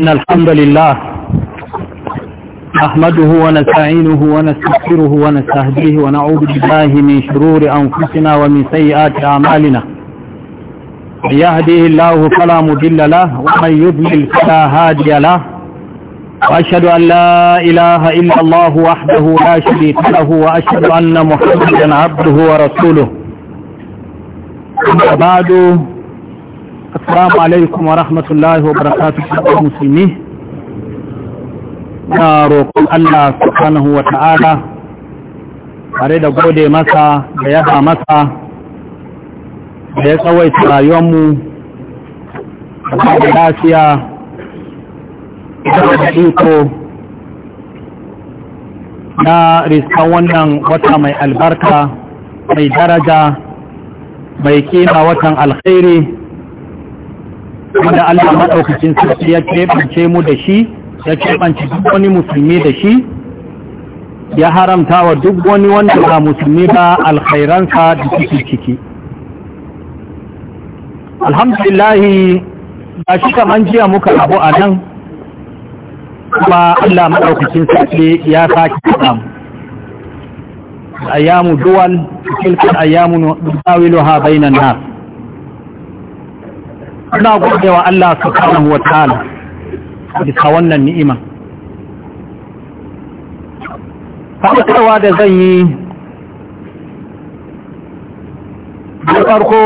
إن الحمد لله نحمده ونستعينه ونستغفره ونستهديه ونعوذ بالله من شرور أنفسنا ومن سيئات أعمالنا يهديه الله فلا مضل له ومن يضلل فلا هادي له وأشهد أن لا إله إلا الله وحده لا شريك له وأشهد أن محمدا عبده ورسوله أما بعد assalamu alaikum wa rahmatullahi wa barakatuhu musulmi na roƙon Allah subhanahu wa ta'ala tare da gode masa da yaba masa da ya tsawaita rayuwanmu da da lafiya da iko na riskan wannan wata mai albarka mai daraja mai kima watan alkhairi wanda Allah maɗaukacin sarki ya keɓance mu da shi ya keɓance duk wani musulmi da shi ya haramta wa duk wani wanda ba musulmi ba alkhairansa da suke ciki alhamdulillahi ba shi kaman jiya muka abu a nan kuma Allah maɗaukacin sarki ya sake kaɗa mu ayyamu duwal tilkan ayyamu dawiluha bainan nas ina gode wa Allah subhanahu wa ta'ala bisa wannan ni'ima faɗaɗarwa da zan yi da farko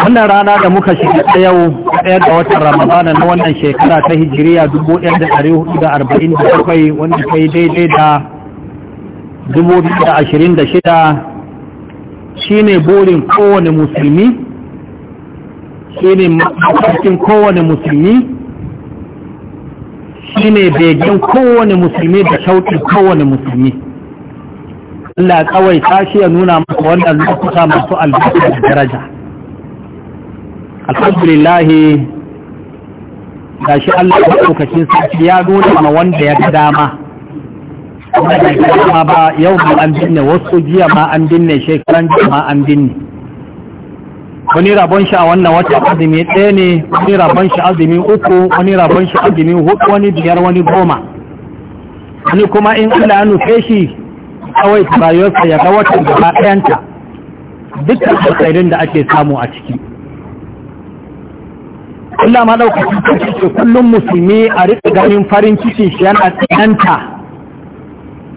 wannan rana da muka shiga ta yau ɗaya da watan ramadana na wannan shekara ta hijiriya 1447 wanda ta yi daidai da 2026 shine burin kowane musulmi shi ne mafarkin kowane musulmi shi ne begen kowane musulmi da shauƙin kowane musulmi Allah kawai tashi ya nuna maka wannan lokuta masu albarka da daraja alhamdulillah gashi Allah lokacin sarki ya nuna ma wanda ya ga dama wanda ya ga dama ba yau ma an binne wasu jiya ma an binne shekaran jiya ma an binne wani rabon shi a wannan wata azumi ɗaya ne wani rabon shi azumi uku wani rabon shi azumi hudu wani biyar wani goma wani kuma in Allah ya nufe shi kawai rayuwarsa ya ga wata gaba ɗayanta dukkan alkhairin da ake samu a ciki Allah ma ɗaukacin sarki ce kullum musulmi a riƙa ganin farin ciki shi yana tsananta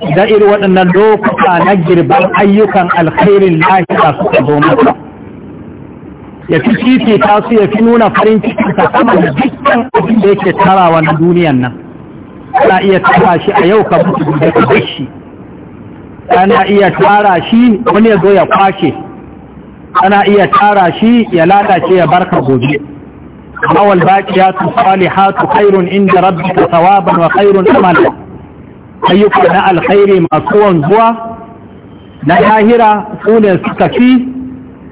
idan irin waɗannan lokuta na girban ayyukan alkhairin lafiya suka zo masa ya fi fifita su ya fi nuna farin cikin ta sama da dukkan abin da yake tarawa na duniyan nan kana iya tara shi a yau ka mutu da ka shi kana iya tara shi wani ya zo ya kwashe kana iya tara shi ya lalace ya barka gobe amma wal baqiyatu salihatu khairun inda rabbika thawaban wa khairun amala ayyuka na alkhairi masu wanzuwa na lahira su ne suka fi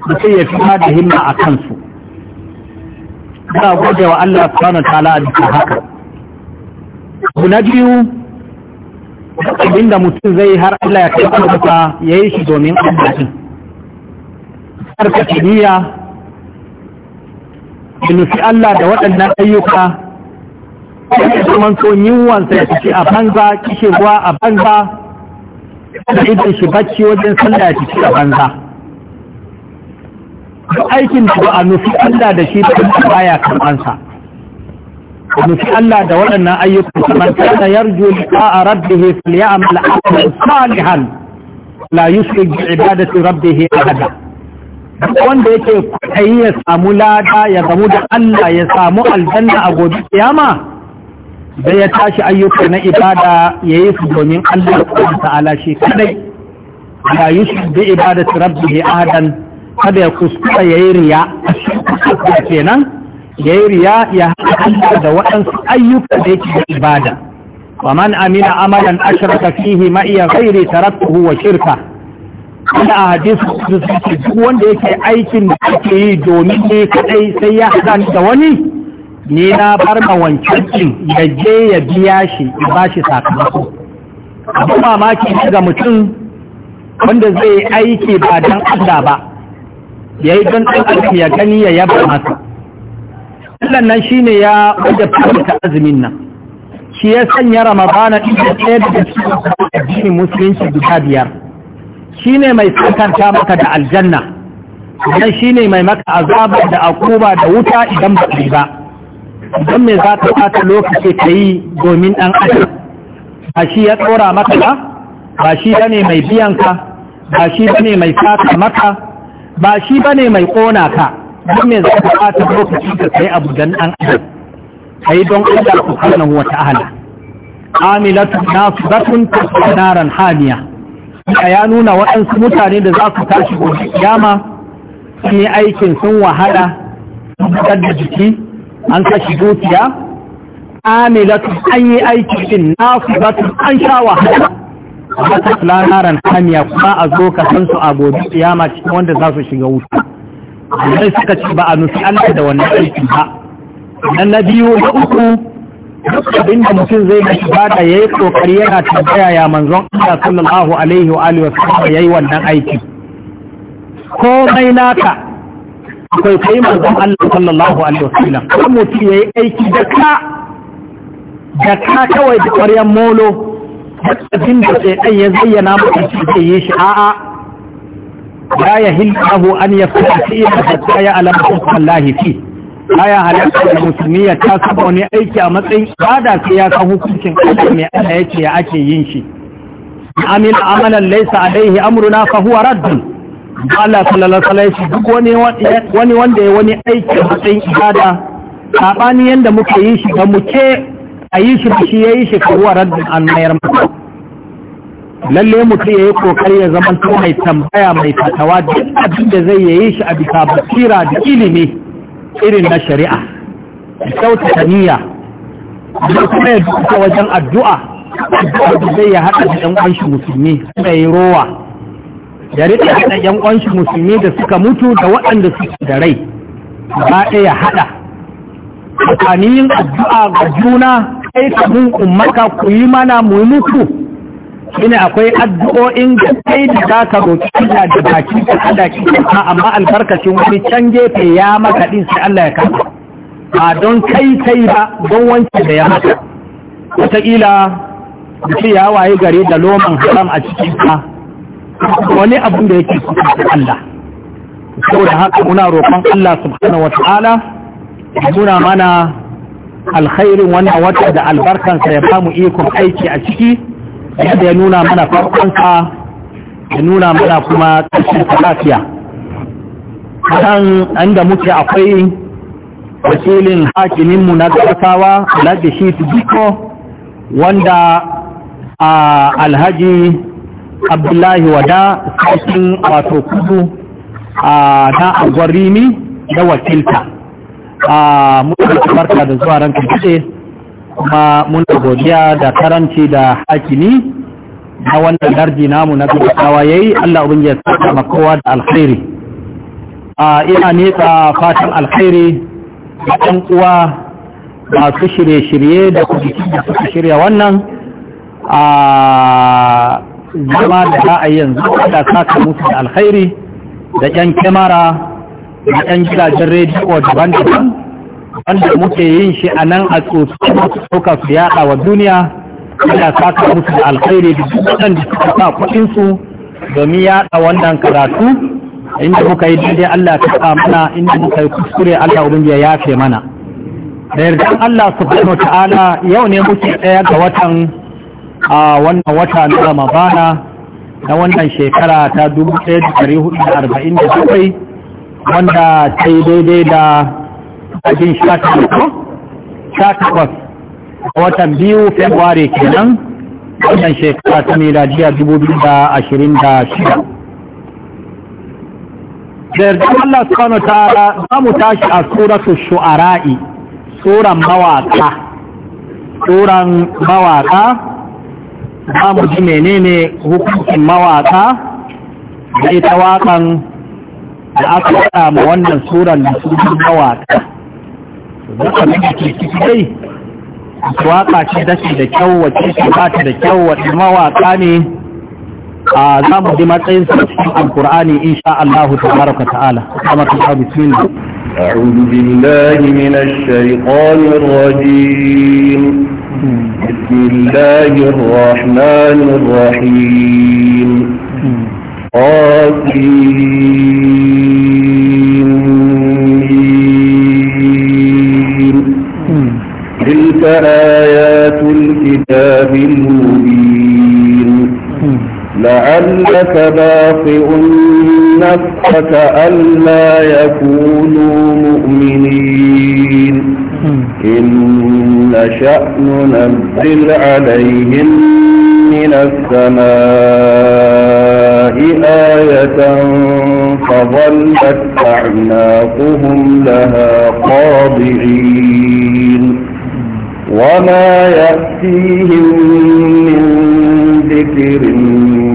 mutum ya fi da himma a kansu ba gode wa Allah subhanahu tala a bisa haka abu na biyu abinda mutum zai har Allah ya kai ya yi shi domin Allah karkace niyya ya nufi Allah da waɗannan ayyuka ya zaman so yiwuwansa ya fice a banza ruwa a banza da idan shi bacci wajen sallah ya fice a banza duk aikin da a nufi Allah da shi ta baya karɓansa a nufi Allah da waɗannan ayyukan kamar kana yarju liqa'a rabbih falyamal amalan salihan la yushrik bi ibadati rabbih ahada wanda yake kwaɗayi ya samu lada ya gamu da Allah ya samu aljanna a gobe kiyama da ya tashi ayyuka na ibada ya yi su domin Allah ta'ala shi kadai la yushrik bi ibadati rabbih ahadan kada ya kuskura ya yi riya a kenan ya yi riya ya haɗa da waɗansu ayyuka da yake da ibada wa man amina amalan ashraka fihi ma iya ghairi taraktuhu wa shirka kada a hadisi duk wanda yake aikin da ake yi domin ne kadai sai ya haɗa da wani ni na bar ma wancan ya je ya biya shi ya ba shi sakamako abu mamaki ga mutum wanda zai aiki ba don Allah ba ya yi don ɗan ya gani ya yaba masa Allah nan shi ne ya wadda fahimta azumin nan shi ya sanya ramadana ɗin da ɗaya daga cikin addinin musulunci guda biyar shi ne mai sakanta maka da aljanna wannan shi ne mai maka azaba da akuba da wuta idan ba ba don me za ka ɓata lokaci ka yi domin ɗan adam ba shi ya tsora maka ba ba shi ba ne mai biyanka ba shi ba ne mai sata maka ba shi ba ne mai ƙona ka don mai za ka ta lokacin ka kai abu don an adam yi don Allah subhanahu wa ta'ala amilatu nasibatun tasnaran hamiya ya nuna waɗansu mutane da za su tashi gobe kiyama sun yi aikin sun wahala sun fitar da jiki an kashi dukiya amilatu an yi aikin din nasibatun an sha wahala wata lararan hamiya kuma a zo ka san su a gobe kiyama cikin wanda za su shiga wuta sai suka ce ba a nufi Allah da wannan aiki ba nan na biyu na uku duk abin da mutum zai na shiga da yayi kokari yana tambaya ya manzon Allah sallallahu alaihi wa alihi wasallam yayi wannan aiki komai naka akwai kai manzon Allah sallallahu alaihi wa sallam ko mutum yayi aiki da ka da ka kawai da ƙwaryan molo abin da ɗan ya zayyana maka shi zai yi shi a'a yi yahillahu an ya fi'la hatta ya'lama hukm Allah fi baya halatta da musulmi ya ta saba wani aiki a matsayin ibada sai ya san hukuncin Allah mai Allah ya ake yin shi amil amalan laysa alaihi amruna fa huwa radd Allah sallallahu alaihi duk wani wanda ya wani aiki a matsayin ibada sabani yanda muke yi shi da muke a yi shi shi ya yi shekaru a rajin an mayar mata lalle mutum ya yi kokari ya zama to mai tambaya mai fatawa duk abin da zai yayi shi a bisa basira da ilimi irin na shari'a da ta niyya da kuma ya duka wajen addu'a da zai ya haɗa da ɗan ƙwanshi musulmi ya yi rowa ya riƙe haɗa ɗan ƙwanshi musulmi da suka mutu da waɗanda suke da rai ba ɗaya haɗa tsakanin addu'a ga juna kai ka mun ummaka ku yi mana mu mutu shine akwai addu'o'in da kai da za ka roki Allah da baki da kada ki ka amma albarkacin wani can gefe ya maka din sai Allah ya kama ba don kai kai ba don wanke da ya maka wataƙila mutum ya waye gare da loman haram a cikin ka wani abin da yake kusa da Allah saboda haka muna roƙon Allah subhanahu wata'ala ta'ala muna mana alkhairin wannan wata da albarkansa ya bamu ikon aiki a ciki yadda ya nuna mana farkonsa ya nuna mana kuma ƙarshen lafiya kan inda muke akwai wakilin hakiminmu na gasawa alhaji shi biko wanda a alhaji abdullahi wada sashen wato kudu na agwarimi na wakilta a mutu barka da zuwa ranka kace kuma mun godiya da karanci da hakini na wannan darji namu na gudunsawa ya yi Allah abin ya saka makowa da alkhairi a ina nesa fatan alkhairi da ɗan uwa masu shirye-shirye da kwamiti da suka shirya wannan a zama da ra'ayin yanzu da saka musu da alkhairi da yan kyamara na ɗan gidajen rediyo daban-daban wanda muke yin shi a nan a tsotsi masu ɗauka su yaɗa wa duniya ina saka musu da alkhairi da duk waɗanda suka sa kuɗinsu domin yaɗa wannan karatu inda muka yi daidai Allah ta sa mana inda muka yi kuskure Allah ubangiji ya yafe mana da yardan Allah subhanahu ta'ala yau ne muke ɗaya ga watan a wannan wata na Ramadana na wannan shekara ta 1447 wanda ta yi daidai da ajin sha a watan biyu februari kenan wannan shekara ta miladiyar 2026 da yarda Allah subhanahu ta'ala za mu tashi a suratu shu'ara'i suran mawaka suran mawaka za mu ji menene hukuncin mawaka da ita waƙan da aka faɗa ma wannan suran da su yi mawaƙa duka da ke ciki dai waƙa ce dace da kyau wace ce ba ta da kyau wace mawaƙa ne a za mu ji matsayin su cikin alkur'ani insha Allah baraka ta'ala kuma ta bismillah أعوذ بالله من الشيطان الرجيم بسم الله الرحمن الرحيم قاسمين تلك آيات الكتاب المبين لعلك باطئ نفسك ألا يكونوا مؤمنين إن نشأ ننزل عليهم من السماء آية فظلت أعناقهم لها خاضعين وما يأتيهم من ذكر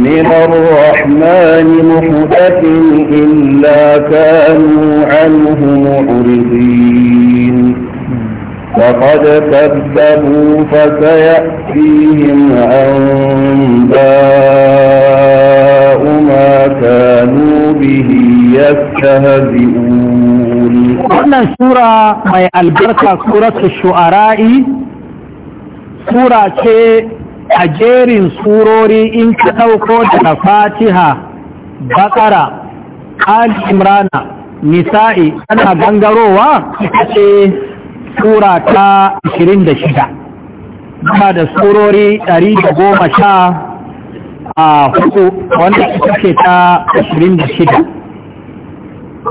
من الرحمن محدث إلا كانوا عنه معرضين فقد كذبوا فسيأتيهم أنباء ما كانوا به يستهزئون wannan sura mai albarka suratul shu'ara'i sura ce a jerin surori in ka ɗauko daga fatiha bakara al imrana nisa'i ana gangarowa ita ce sura ta 26 kuma da surori 110 a hudu wanda ita ce ta 26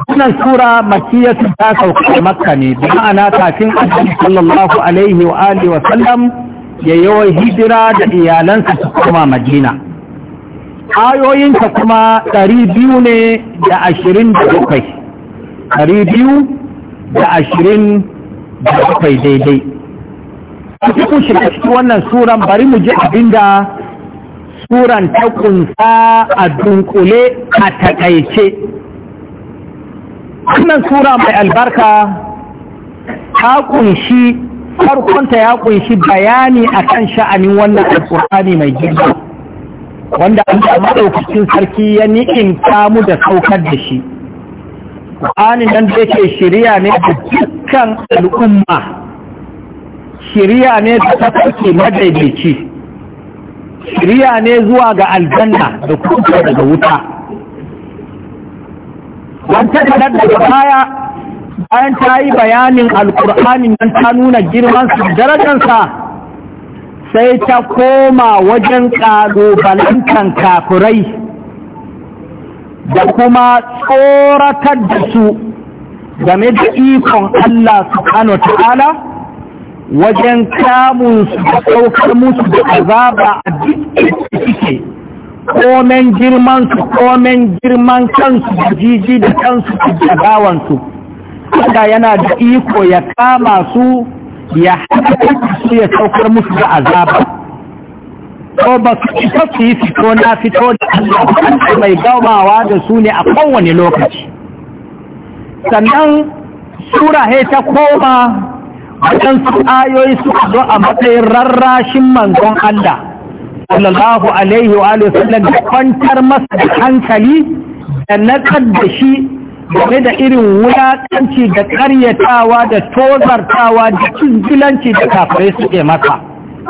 wannan sura makiyatu ta sauka makka ne da ma'ana kafin annabi sallallahu alaihi wa alihi wa sallam ya wa hijira da iyalansa su kuma madina ayoyinta kuma 200 ne da 27 200 da ashirin. da bakwai daidai cikin shiga cikin wannan suran bari mu ji abinda suran ta kunsa a dunkule a takaice wannan sura mai albarka ta kunshi farkonta ya kunshi bayani akan sha'anin wannan alkur'ani mai girma wanda an da maɗaukacin sarki ya ni'in kamu da saukar da shi ƙwani nan da yake shirya ne da dukkan al'umma shirya ne da ta madaidaici shirya ne zuwa ga aljanna da kuma daga wuta an tattalar daga baya bayan ta yi bayanin alkur'anin nan ta nuna girman su darajarsa sai ta koma wajen ƙalubalantan kafurai. da kuma tsoratar da su game da ikon Allah subhanahu ta'ala wajen kamun su da saukar musu da azaba a duk suke komen girman su komen girman kansu da jiji da kansu da gawansu Allah yana da iko ya kama su ya haɗa su ya saukar musu da azaba ko ba su isa su yi fito na fito da Allah mai gaubawa da su ne a kowane lokaci sannan sura he ta koma wajen su ayoyi su zo a matsayin rarrashin manzon Allah sallallahu alaihi wa sallam da kwantar masa da hankali da nakar da shi game da irin wulakanci da karyatawa da tozartawa da cin da kafirai suke masa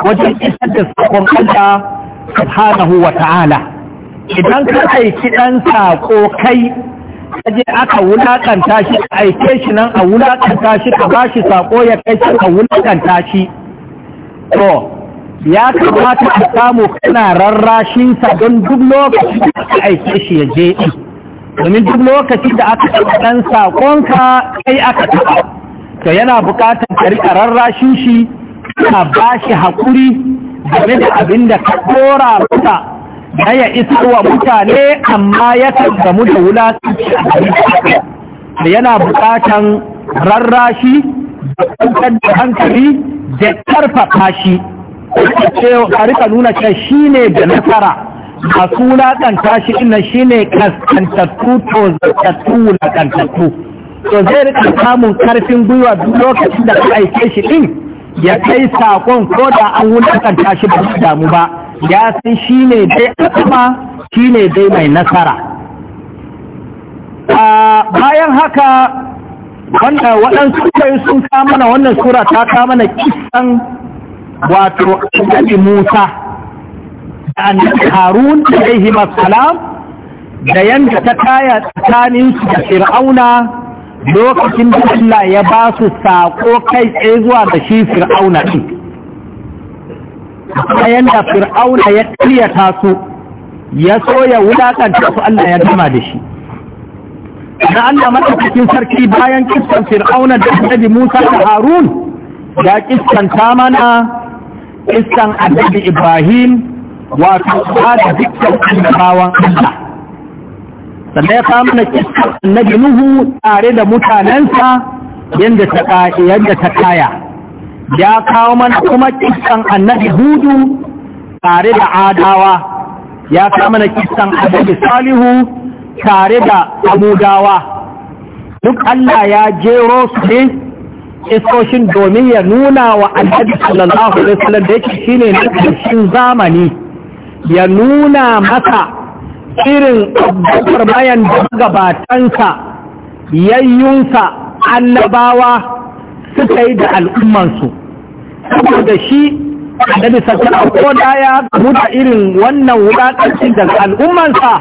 wajen isar da sakon Allah subhanahu wa ta'ala idan ka aiki ɗan saƙo kai kaje aka wulaƙanta shi ka aike shi nan a wulaƙanta shi ka ba shi saƙo ya kai shi a wulaƙanta shi to ya kamata a samu kana sa don duk lokacin da aka aike shi ya je domin duk lokacin da aka taɓa ɗan saƙonka kai aka taɓa to yana buƙatar ka riƙa rarrashin shi suna ba shi haƙuri game da abin da ka ɗora masa na ya isa wa mutane amma ya mu da wulatanci a gari da yana buƙatan rarrashi da kwantar da hankali da ƙarfafa shi a rika nuna ce shi ne da nasara masu wulaƙanta shi ina shi ne kaskantattu to zartattu ƙantattu. to zai rika samun ƙarfin gwiwa duk lokacin da ka aike shi ɗin ya kai sakon ko da an wulakanta shi ba da damu ba ya san shi ne dai kuma shi ne dai mai nasara bayan haka wanda waɗansu kai sun kamana wannan sura ta kamana kisan wato annabi musa da annabi harun alaihi salam da yanda ta kaya tsakaninsu da fir'auna lokacin da Allah ya ba su sako kai tsaye zuwa da shi fir'auna ɗin bayan da fir'auna ya ƙaryata su ya so ya wulaƙanta su Allah ya gama da shi na Allah matsakakin sarki bayan kiskan fir'auna da annabi Musa da Harun ya ta mana kiskan annabi Ibrahim wato da dukkan annabawan Allah sannan ya samu mana kisar annabi nuhu tare da mutanensa yadda ta kaya ya kawo mana kuma kisan annabi hudu tare da adawa ya kawo mana kisan annabi salihu tare da abudawa duk Allah ya jero su ne isoshin domin ya nuna wa annabi sallallahu alaihi wasallam da yake shine na ƙarshen zamani ya nuna maka irin abubakar bayan da gabatansa yayyunsa annabawa suka yi da al'ummansu saboda shi annabi sallallahu ko da ya da irin wannan wulaƙancin daga al'ummansa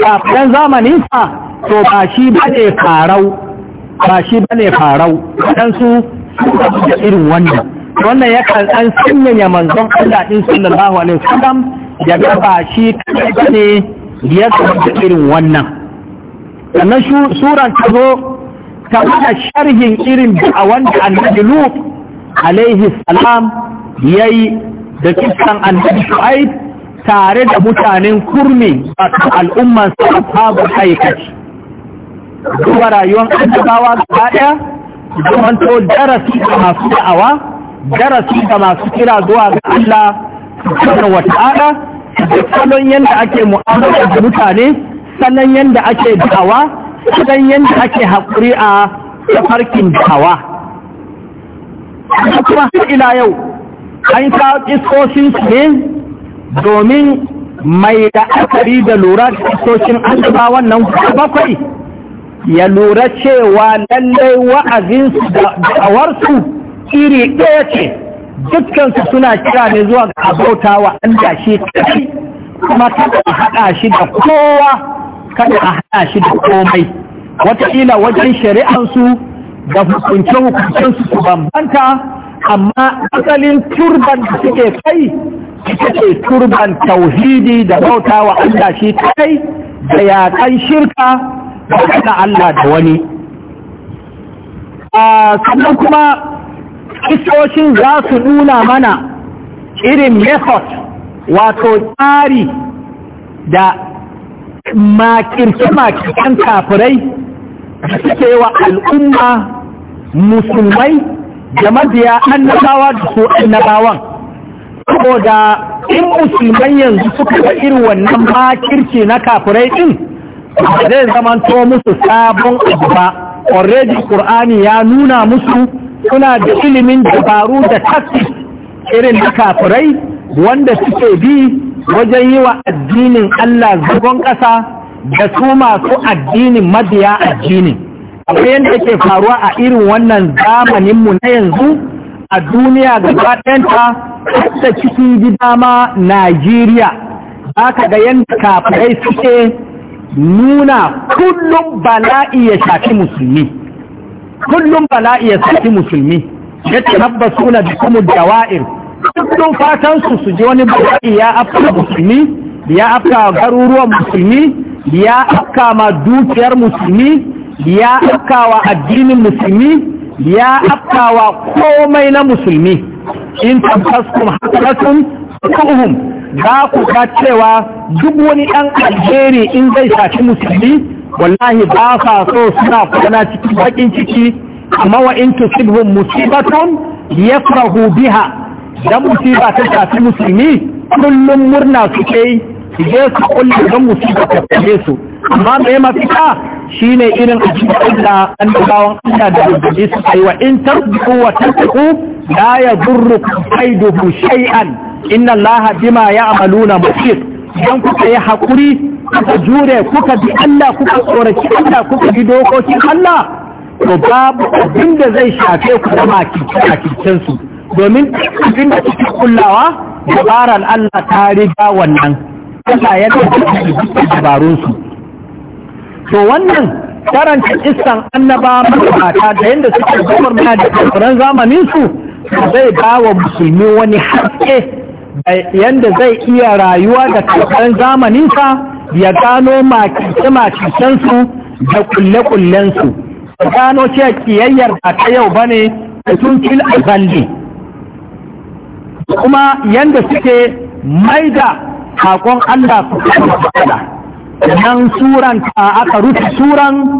kafin zamaninsa to ba shi bane farau ba shi bane farau su suka da irin wannan wannan yakan an sanyaya manzon Allah din sallallahu alaihi wasallam ya ga ba shi kai ne ya kamata irin wannan sannan suran ta zo ta mana sharhin irin da wanda annabi lut alaihi salam yayi da kisan annabi shu'aib tare da mutanen kurmi a al'umman sa babu aikaci duba rayuwar annabawa gaba daya zamanto darasi ga masu da'awa darasi ga masu kira zuwa ga Allah subhanahu wata'ala da salon yadda ake mu'amala da mutane salon yadda ake da'wa, salon yadda ake haƙuri a tafarkin da'awa kuma har ila yau an kawo iskosin su ne domin mai da la'akari da lura da an annabawan wannan bakwai ya lura cewa lallai wa'azinsu da da'awarsu iri ɗaya ce dukkansu suna kira ne zuwa ga abauta wa Allah shi kai kuma kada a haɗa shi da kowa kada a haɗa shi da komai wataƙila wajen shari'ansu da hukunce hukuncinsu su bambanta amma asalin turban da suke kai ita ce turban tauhidi da bauta wa Allah shi kai da yaƙan shirka da Allah da wani ah, sannan kuma Kistocin za su nuna mana irin method wato tsari da makirce-makircen kafirai da suke wa al'umma musulmai da mabiya annabawa da su annabawan. Saboda in musulmai yanzu suka ga irin wannan makirci na kafirai ɗin, zai zama musu sabon abu ba. already ƙur'ani ya nuna musu suna da ilimin dabaru da taktis irin da kafirai wanda suke bi wajen yi wa addinin Allah zagon ƙasa da su masu addinin mabiya addinin akwai yadda yake faruwa a irin wannan zamaninmu na yanzu a duniya gaba ɗanta ta cikin gida ma Najeriya aka ga yadda kafirai suke nuna kullum bala'i ya shafi musulmi kullum bala'i ya shafi musulmi ya suna da kuma jawa'ir kullum fatansu su ji wani bala'i ya afka musulmi ya afka garuruwan musulmi ya afka ma dukiyar musulmi ya afka wa addinin musulmi ya afka wa komai na musulmi in tabbaskun hasanatun kuhum za ku ga cewa duk wani ɗan alheri in zai shafi musulmi wallahi ba sa so suna kwana ciki bakin ciki amma wa in tusibhum musibatun yafrahu biha dan musiba ta shafi musulmi kullum murna suke yi je su kullum don musiba ta shafe su amma mai mafita shine irin abin da an Allah da rubuce su wa in tarbu wa la kaiduhu shay'an inna allaha bima amaluna basir don kuka yi hakuri kuka jure kuka bi Allah kuka tsoraci Allah kuka bi dokokin Allah to babu abin da zai shafe ku da makikin su domin abin da kulawa kullawa dabaran Allah ta riga wannan Allah ya da dabarun su to wannan karanta iskan annaba mata da yadda suke gwamnati da tsoron zamanin su zai ba wa musulmi wani haske yanda zai iya rayuwa da zamanin zamaninsa ya gano makice-makicensu da kulle-kullensu ya gano ce kiyayyar a ta yau ba ne tun fil azalli kuma yanda suke maida haƙon Allah su nan suran ta aka rufe suran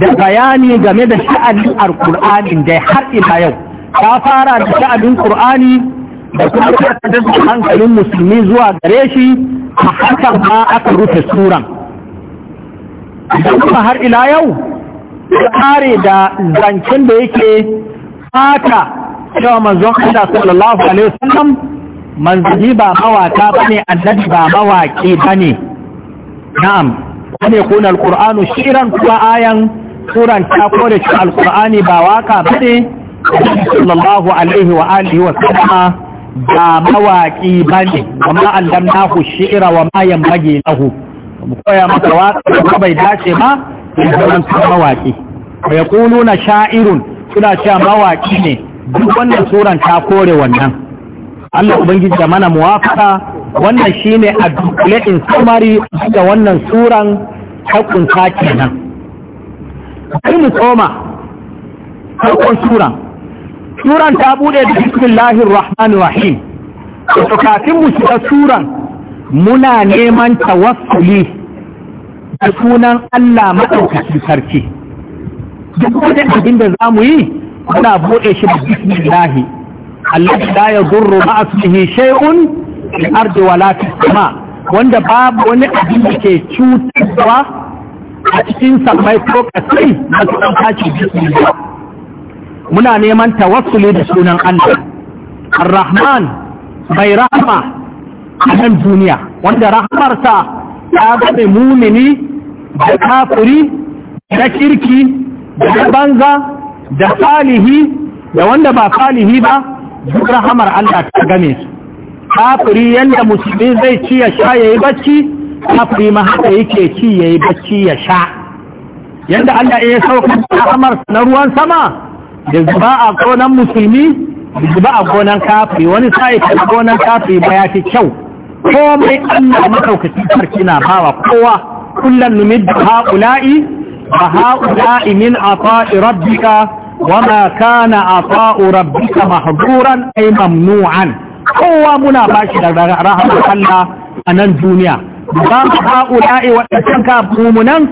da bayani game da sha'anin alkur'anin da har ila yau ta fara da sha'anin kur'ani da kuma karkatar da hankalin musulmi zuwa gare shi a hakan ma aka rufe suran da kuma har ila yau kare da zancen da yake fata cewa manzon Allah sallallahu alaihi wasallam manzili ba mawaka bane annabi ba mawaki bane na'am wani kuna alqur'anu shiran kuma ayan suran ta kore shi alqur'ani ba waka bane sallallahu alaihi wa alihi wa sallama ba mawaƙi ba ne amma allamnahu shi'ira wa ma mage lahu mu koya masa waƙa bai dace ba in zama mawaƙi wa na sha'irun suna cewa mawaƙi ne duk wannan suran ta kore wannan Allah ubangiji da mana muwafaka wannan shi ne a dukkule in samari da wannan suran ta kenan bari mu koma farkon suran suran ta bude da bismillahir rahmanir rahim to kafin mu shiga suran muna neman tawassuli da sunan Allah madaukakin sarki duk wani abin da za mu yi muna bude shi da bismillahi Allah la yadurru ma asmihi shay'un ardi wala fis sama wanda babu wani abin da ke cutarwa a cikin samai ko kasai na tashi bismillah muna neman tawassuli da sunan Allah ar-rahman mai rahama a nan duniya wanda rahamarsa ta gabe mumini da kafuri da kirki da banza da salihi da wanda ba salihi ba duk rahamar Allah ta game su kafiri yadda musulmi zai ci ya sha ya yi bacci kafiri ma haka yake ci ya yi bacci ya sha yadda Allah ya sauka rahamar na ruwan sama da zuba a gonan musulmi zuba a gonan kafi wani sa'i ka gonan kafi ba ya fi kyau komai Allah makaukaci sarki na bawa kowa kullum numiddu ha'ula'i ba ha'ula'i min afa'i rabbika wa kana afa'u rabbika mahduran ay mamnu'an kowa muna bashi da rahama Allah a nan duniya ba ma haƙula'i waɗancan kafirunan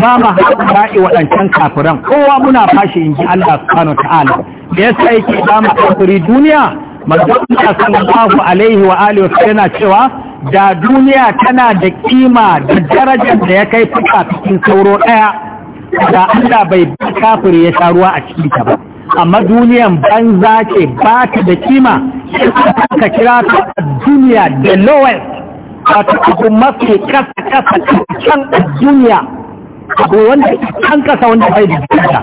ba mu haƙula'i waɗancan kafiran kowa muna fashi in ji Allah subhanahu ta'ala da yasa yake ba mu kafiri duniya manzo Allah sallallahu alaihi wa alihi yana cewa da duniya tana da kima da darajar da ya kai fuka cikin sauro ɗaya da Allah bai kafiri ya sha ruwa a cikin ta ba amma duniyan banza ce ba ta da kima sai ka kira ta duniya da lowest wato abu mafi kasa kasa can a duniya abu wanda can kasa wanda bai da duniya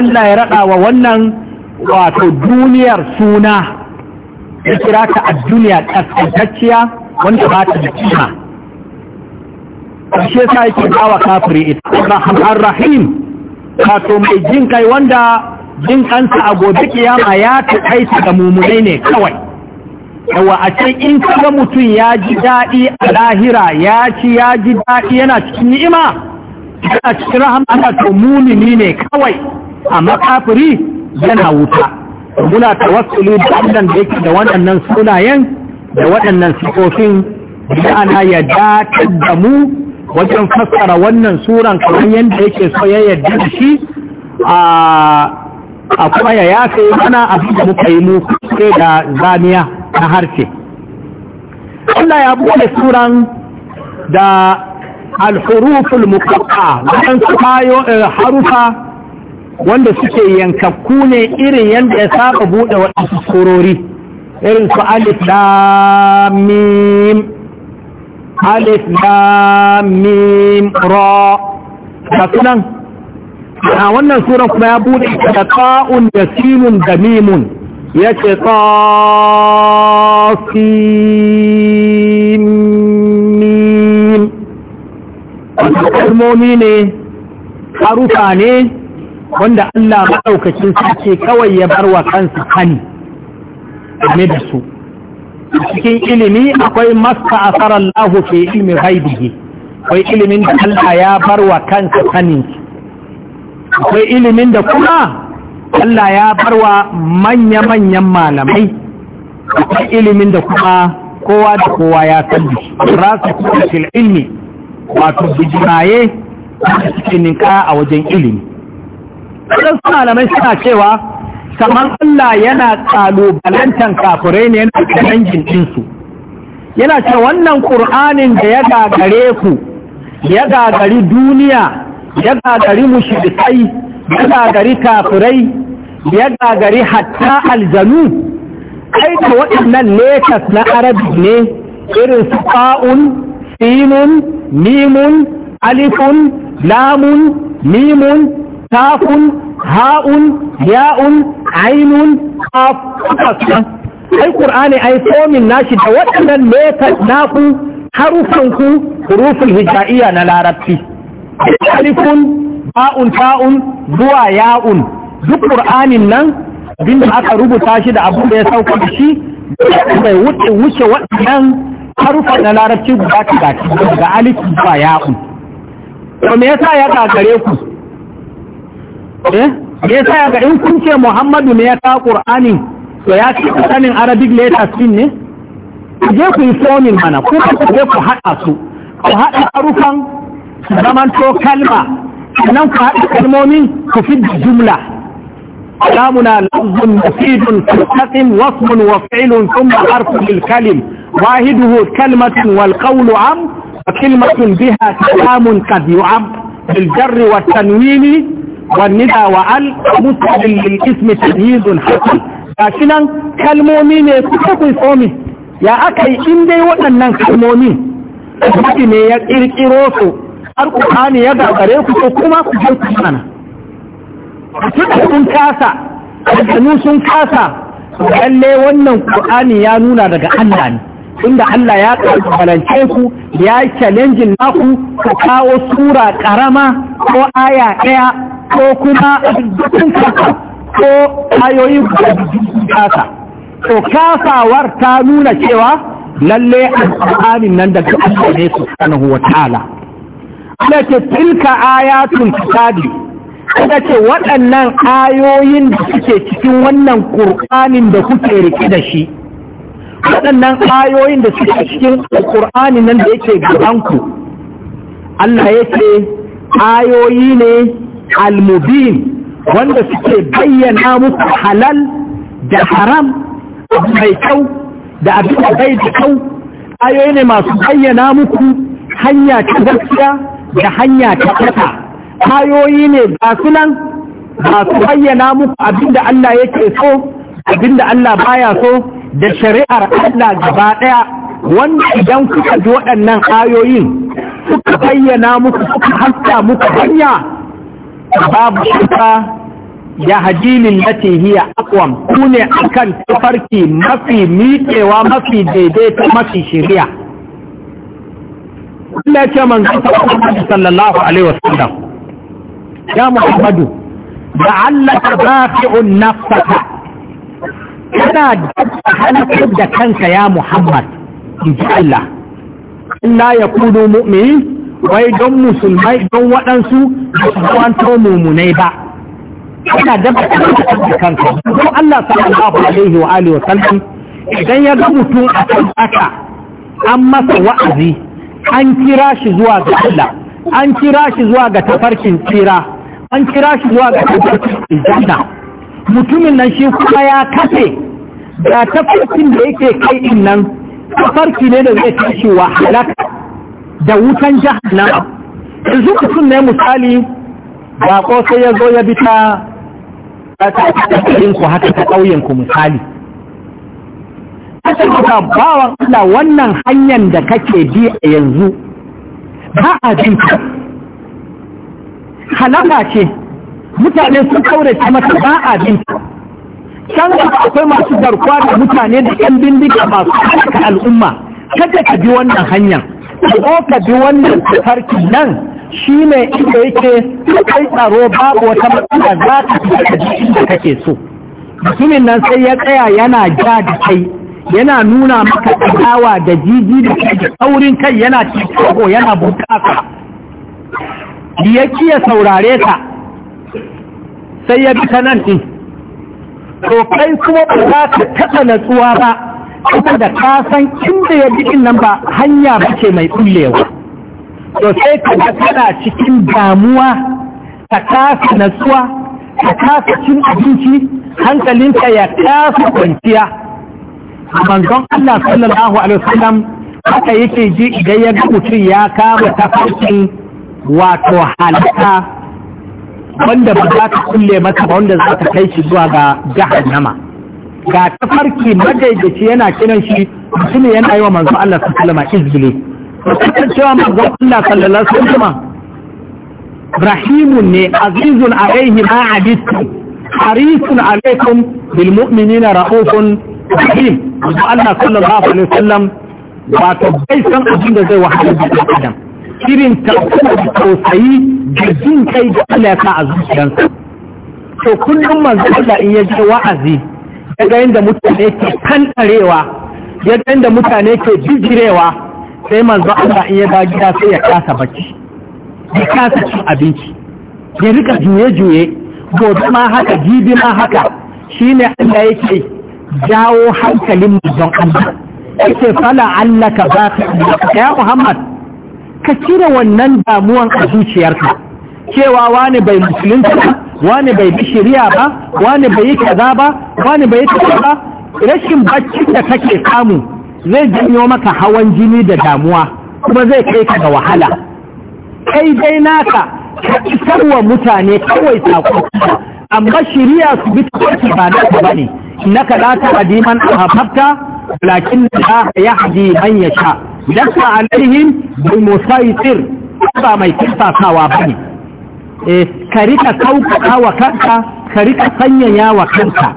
Allah ya raɗa wa wannan wato duniyar suna ya kira ta a duniya kaskantacciya wanda ba ta da kima ƙarshe sa yake dawa kafiri ita rahman rahim wato mai jin kai wanda jin kansa a gobe kiyama ya ta ta ga mummunai ne kawai yawa a can in kaga mutum ya ji daɗi a lahira ya ci ya ji daɗi yana cikin ni'ima yana cikin rahama ana to mumini ne kawai a makafiri yana wuta muna tawassuli da Allah da yake da waɗannan sunayen da waɗannan sifofin da ana ya dace da mu wajen fassara wannan suran kamar yadda yake so ya yadda da shi a kuma ya yafe mana abin da muka yi mu da zaniya. na harshe Allah ya buɗe suran da alhuruful muqatta wannan eh, harufa wanda suke yankakku ne irin yadda ya saba buɗe waɗansu surori irin su alif lamim alif lamim ra da sunan a wannan suran kuma ya buɗe da ta'un da sinun da mimun Yace ce wasu kalmomi ne harufa ne wanda Allah maɗaukacin sace kawai ya bar wa kansa hani game da su cikin ilimi akwai masta a tsarar lahu ke ilimin haibige akwai ilimin da Allah ya bar wa kansa kani akwai ilimin da kuma Allah ya farwa manya-manyan malamai ilimin da kuma kowa da kowa ya sani rasu kuma fil ilmi wato bijimaye da suke ninka a wajen ilimi waɗansu malamai suna cewa kamar Allah yana ƙalubalantan kafurai ne yana da ɗinsu yana ce wannan ƙur'anin da ya gagare ku ya gagari duniya ya gagari mushrikai ya gagari kafirai. ya gagari hatta aljanu kai da waɗannan letas na arabic ne irin su fa'un sinun mimun alifun lamun mimun tafun ha'un ya'un ainun afukasan ai ƙur'ani ai fomin nashi da waɗannan letas naku harufanku kurufin hijaiya na larabci alifun ba'un ta'un zuwa ya'un duk ƙur'anin nan abinda aka rubuta shi da abu da ya sauka da shi bai wuce wuce waɗannan harufa na larabci guda ta gaci daga alif zuwa ya'un to me yasa ya gagare ku eh me yasa ya ga in kun ce Muhammadu ne ya ta ƙur'ani to ya ci sanin Arabic letters din ne je ku yi phoning mana ku je ku haɗa su ku haɗa harufan zaman to kalma sannan ku haɗa kalmomin ku fi jumla كلامنا لفظ مفيد فالقسم وصم وفعل ثم حرف للكلم واحده كلمة والقول عم وكلمة بها كلام قد يعم بالجر والتنوين والندى وعل مسلم للاسم تمييز حسن gashinan kalmomi ne kuka kun tsomi ya aka yi in dai waɗannan kalmomi da ne ya ƙirƙiro su har ƙuhani ya gagare ku ko kuma ku je ku mana mutum sun kasa aljanu sun kasa lalle wannan qur'ani ya nuna daga Allah ne tunda Allah ya kalbalance ku ya challenge naku ku kawo sura karama ko aya daya ko kuma dukkan kasa ko ayoyi kasa to kasawar ta nuna cewa lalle qur'ani nan daga Allah ne subhanahu wataala Allah ce tilka ayatul kitabi kaga ce waɗannan ayoyin da suke cikin wannan ƙur'anin da kuke rike da shi waɗannan ayoyin da suke cikin ƙur'anin nan da yake gabanku Allah yake ayoyi ne almubin wanda suke bayyana muku halal da haram mai kyau da abin da bai da kyau ayoyi ne masu bayyana muku hanya ta gaskiya da hanya ta ƙasa ayoyi ne su nan ba su bayyana muku abinda Allah yake so abinda Allah baya so da shari'ar Allah gaba ɗaya wanda idan kuka ji waɗannan ayoyin suka bayyana muku suka haska muku hanya babu shuka ya hajilin lati hiya akwam ku ne akan tafarki mafi miƙewa mafi daidaita mafi shari'a Allah ya ce manzo sallallahu alaihi wasallam ya muhammadu la'allaka bafi'un nafsaka kana halakar da kanka ya muhammad inji Allah in la yakunu mu'mini wai don musulmai don waɗansu ba su kwanto mumunai ba kana daba da kanka don Allah sallallahu alaihi wa alihi wa sallam idan ya ga mutum a kan an masa wa'azi an kira shi zuwa ga an kira shi zuwa ga tafarkin tsira an kira shi zuwa ga aljanna mutumin nan shi kuma ya kafe da tafarkin da yake kai in nan tafarki ne da zai tashi wa halaka da wutan jahannama yanzu mutum ne misali bako sai ya zo ya bi ta ku haka ta ƙauyenku ku misali ka bawan Allah wannan hanyar da kake bi a yanzu ba a jinta halaka ce mutane sun ta mata ba a bin can akwai masu garkuwa da mutane da yan bindiga masu halaka al'umma kada ka bi wannan hanyar ko ka bi wannan tafarki nan shi ne inda yake kai tsaro babu wata matsala za ka fi ka ji inda kake so mutumin nan sai ya tsaya yana ja da kai yana nuna maka tsadawa da jiji da kai da saurin kai yana cikin yana bukata ya saurare ka sai ya bi ta nan ɗin to kai kuma ba za ka taɓa natsuwa ba kuma da ka san inda ya bi nan ba hanya ba ce mai ƙullewa to sai ka ga tana cikin damuwa ka kasa natsuwa ka kasa cin abinci hankalinta ya kasa kwanciya manzon Allah sallallahu alaihi wasallam haka yake ji idan ya ga mutum ya kama tafarkin wato halitta wanda ba za ka kulle mata ba wanda za ka kai shi zuwa ga jahannama ga tafarki madaidaci yana kiran shi mutum yana yi wa manzo Allah sallallahu alaihi izgili kusan cewa manzo Allah sallallahu alaihi wasallam Rahimu ne azizun alaihi ma abittu harisun alaikum bil mu'minina raufun rahim manzo Allah sallallahu alaihi wasallam wato bai san abin da zai wahala da adam irin tafiya da tausayi da jin kai da Allah ya a zuciyarsa to kullum manzo Allah in ya je wa'azi daga yadda mutane ke kantarewa yadda yadda mutane ke jijirewa sai manzo Allah in ya gida sai ya kasa bacci ya kasa cin abinci ya rika juye-juye gobe ma haka jibi ma haka shine Allah yake jawo hankalin manzon Allah yake fala allaka ka ya Muhammad ka cire wannan damuwan a zuciyarka cewa wani bai musulunta ba wani bai bi shari'a ba wani bai yi kaza ba wani bai yi kaza ba rashin bacci da kake samu zai janyo maka hawan jini da damuwa kuma zai kai ka ga wahala kai dai naka ka isar wa mutane kawai sako amma shari'a su bi ba na ba bane. Na ta adiman a hafafta lakin da ya haji man ya sha lasa alaihim bil musaitir ba mai kintasawa ba ne. Eh, ka rika sauƙaƙa wa kanka ka rika sanyaya wa kanka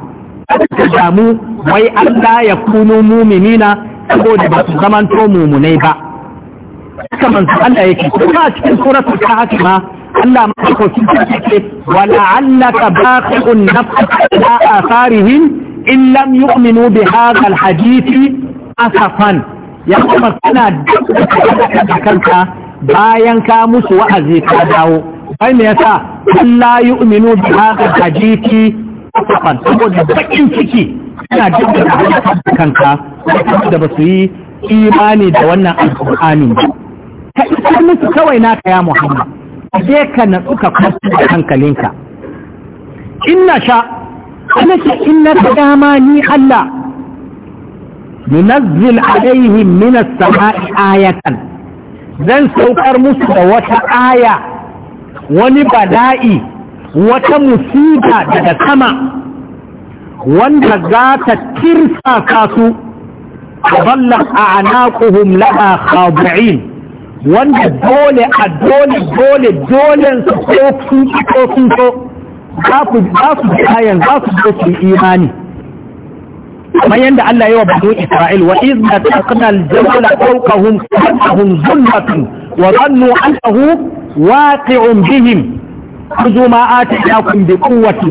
ka damu wai Allah ya kuno muminina saboda ba su zamanto mumunai ba kaman su Allah yake kuma cikin suratul kahf ma Allah maɗaukakin sarki ce wala'allaka baqi'un nafsaka ila atharihim in lam yu'minu bi hadha al asafan ya kuma suna da kanka bayan ka musu wa'azi ka dawo ai me yasa la yu'minu bi hadha hadisi faqan saboda bakin ciki suna da kanka da ba su yi imani da wannan alqur'ani ka isa musu kawai naka ya muhammad je ka natsu ka kwanta da hankalinka inna sha ana ce inna dama ni allah nunazzil alaihim min as-sama'i ayatan zan saukar musu da wata aya wani bada'i wata musida daga sama wanda za ta tirsasa su taballar a anakuhum laha khadu'in wanda dole a dole dole ko sun za su ji ayan za su zo su imani kamar yadda Allah ya wa banu Isra'il wa iz nataqna al-jabala fawqahum annahum zulmatun wa dhannu annahu waqi'un bihim khudhu ma ataakum bi quwwati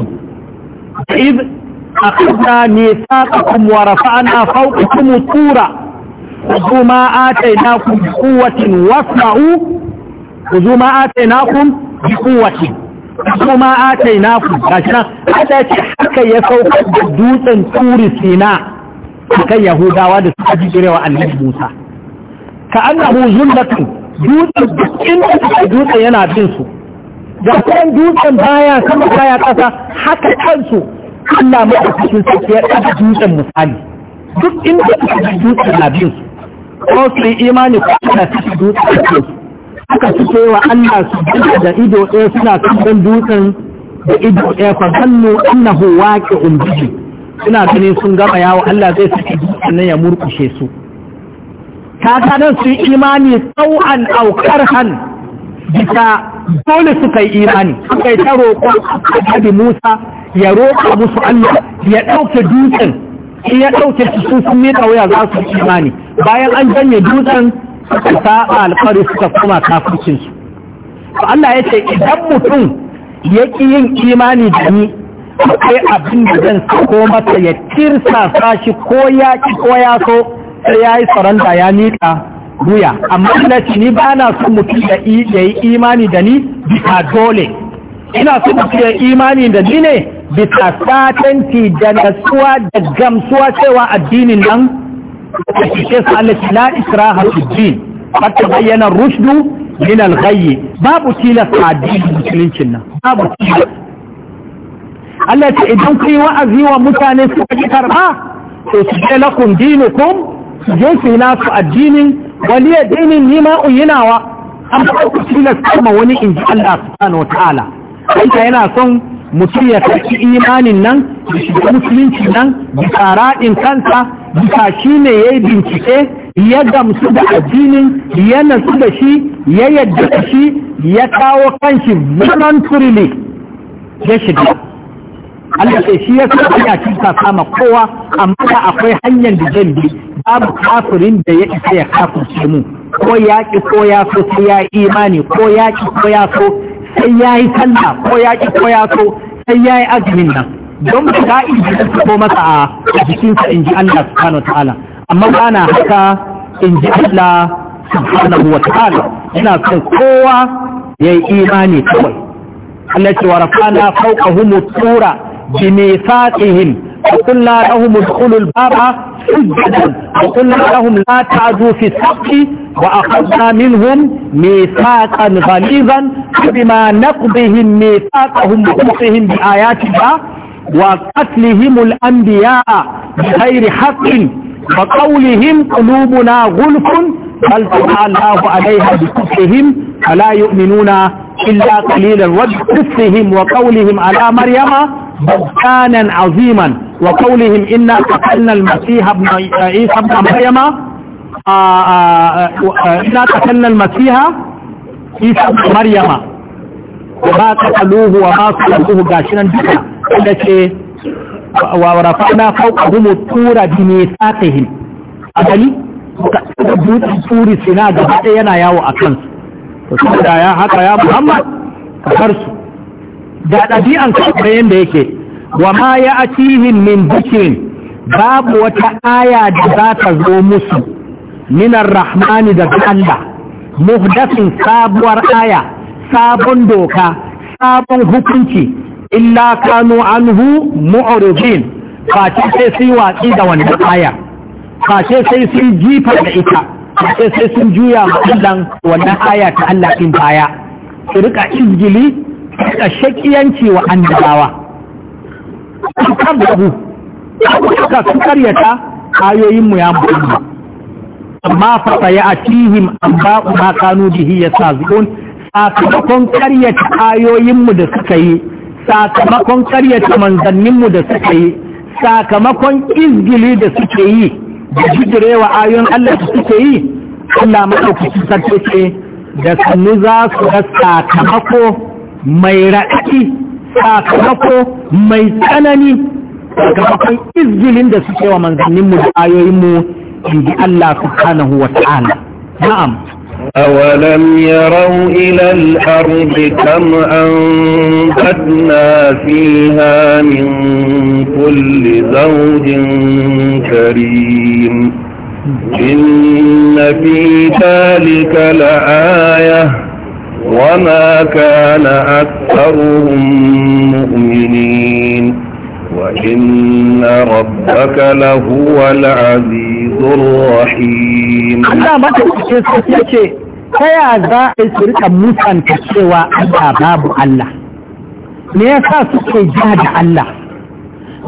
iz akhadna mithaqakum wa rafa'na fawqakum tura khudhu ma ataakum bi quwwatin wasma'u khudhu ma ataakum bi quwwatin kuma atai naku gashina. nan Allah haka ya saukar da dutsen turi sina akan yahudawa da suka ji girewa annabi Musa ka annahu zullatun dutsen dukkan da dutsen yana bin su da kuma dutsen baya sama baya kasa haka kansu Allah mai cikin sarki ya dutsen misali duk inda suka dutsen na bin su ko su yi imani ko suna cikin dutsen suka cike wa Allah su duka da ido ɗaya suna kallon dutsen da ido ɗaya fa kallo annahu waqi'un bihi suna ganin sun gama yawo Allah zai saki dutsen nan ya murkushe su kaga nan su yi imani tsau'an aukar han bisa dole suka yi imani suka yi ta roƙon abi Musa ya roƙa musu Allah ya ɗauke dutsen in ya ɗauke su sun miƙa wuya za su yi imani bayan an janye dutsen suka saba alƙari suka kuma kafircinsu ba Allah ya ce idan mutum ya ƙi yin imani da ni akwai abin da zan sako masa ya tirsa sashi ko ya ƙi ko ya so sai ya yi da ya miƙa wuya amma na ce ni ba na son mutum da ya yi imani da ni bisa dole ina son mutum ya imani da ni ne bisa satanti da natsuwa da gamsuwa cewa addinin nan sai sa Allah la Israha, fi din qad tabayyana rushdu min al-ghayy babu tilasta a addinin musulunci nan babu Allah ya ce idan kai wa'azi wa mutane su ji karba to su je lakum dinukum su je su na su addinin waliya dinin nima uyinawa an ba ku tilasta ma wani inji Allah subhanahu wa ta'ala Allah yana son mutum ya karki imanin nan da shiga musulunci nan bisa raɗin kansa bisa shi ne ya yi bincike ya gamsu da addinin ya nasu da shi ya yadda da shi ya kawo kanshi voluntarily ya shiga Allah sai shi ya sa ya cinta sama kowa amma da akwai hanyar da zai bi babu kafirin da ya isa ya kafirce mu ko ya ki ko ya so sai ya imani ko ya ki ko ya so sai ya yi sallah ko ya ki ko ya so sai ya yi azumin nan don ba za in ji ko masa a jikinsa in ji Allah subhanahu wa ta'ala amma ba na haka in ji Allah subhanahu wa ta'ala ina son kowa ya yi imani kawai Allah ce wa rafana fawqahum tura bi mifaqihim wa qulna lahum udkhulul baba sujjadan wa qulna lahum la ta'du وأخذنا منهم ميثاقا غليظا بما نقضهم ميثاقهم بايات الله وقتلهم الأنبياء بغير حق وقولهم قلوبنا غلف بل طبع الله عليها بكفرهم فلا يؤمنون إلا قليلا وبكفرهم وقولهم على مريم بهتانا عظيما وقولهم إنا قتلنا المسيح ابن عيسى ابن مريم ina katannan masiha isa maryama ba ka kaluhu wa masu su kaluhu gashi nan duka inda ce wa na fauka gumo tura bi a gani ka buɗe turi sina da haɗe yana yawo a kansu to da ya haka ya muhammad kar su da ɗabi'an kamar yadda yake wa ma ya cihin min bikin babu wata aya da za ta zo musu minar rahmani daga Allah muhdasin sabuwar aya sabon doka sabon hukunci illa kanu anhu mu'ridin face sai sun watsi da wannan aya face sai sun jifa da ita face sai sun juya ma Allah wannan aya ta Allah in baya su rika izgili da shakiyanci wa annabawa kan babu suka karyata ayoyinmu ya mu'amma amma fa ya cihim an ba ma kanu bihi yasazun sakamakon karyata ayoyinmu da suka yi sakamakon karyata manzanninmu da suka yi sakamakon izgili da suke yi da jijirewa ayoyin Allah da suke yi Allah maɗaukaki sarki ce da sannu za su ga sakamako mai raɗaɗi sakamako mai tsanani sakamakon izgilin da suke wa manzanninmu da ayoyinmu inji الله سبحانه وتعالى نعم أولم يروا إلى الأرض كم أنبتنا فيها من كل زوج كريم إن في ذلك لآية وما كان أكثرهم مؤمنين وإن ربك لهو العزيز الرحيم Allah madaukake su yake taya za a su rika musanta cewa Allah babu Allah me yasa suke jira da Allah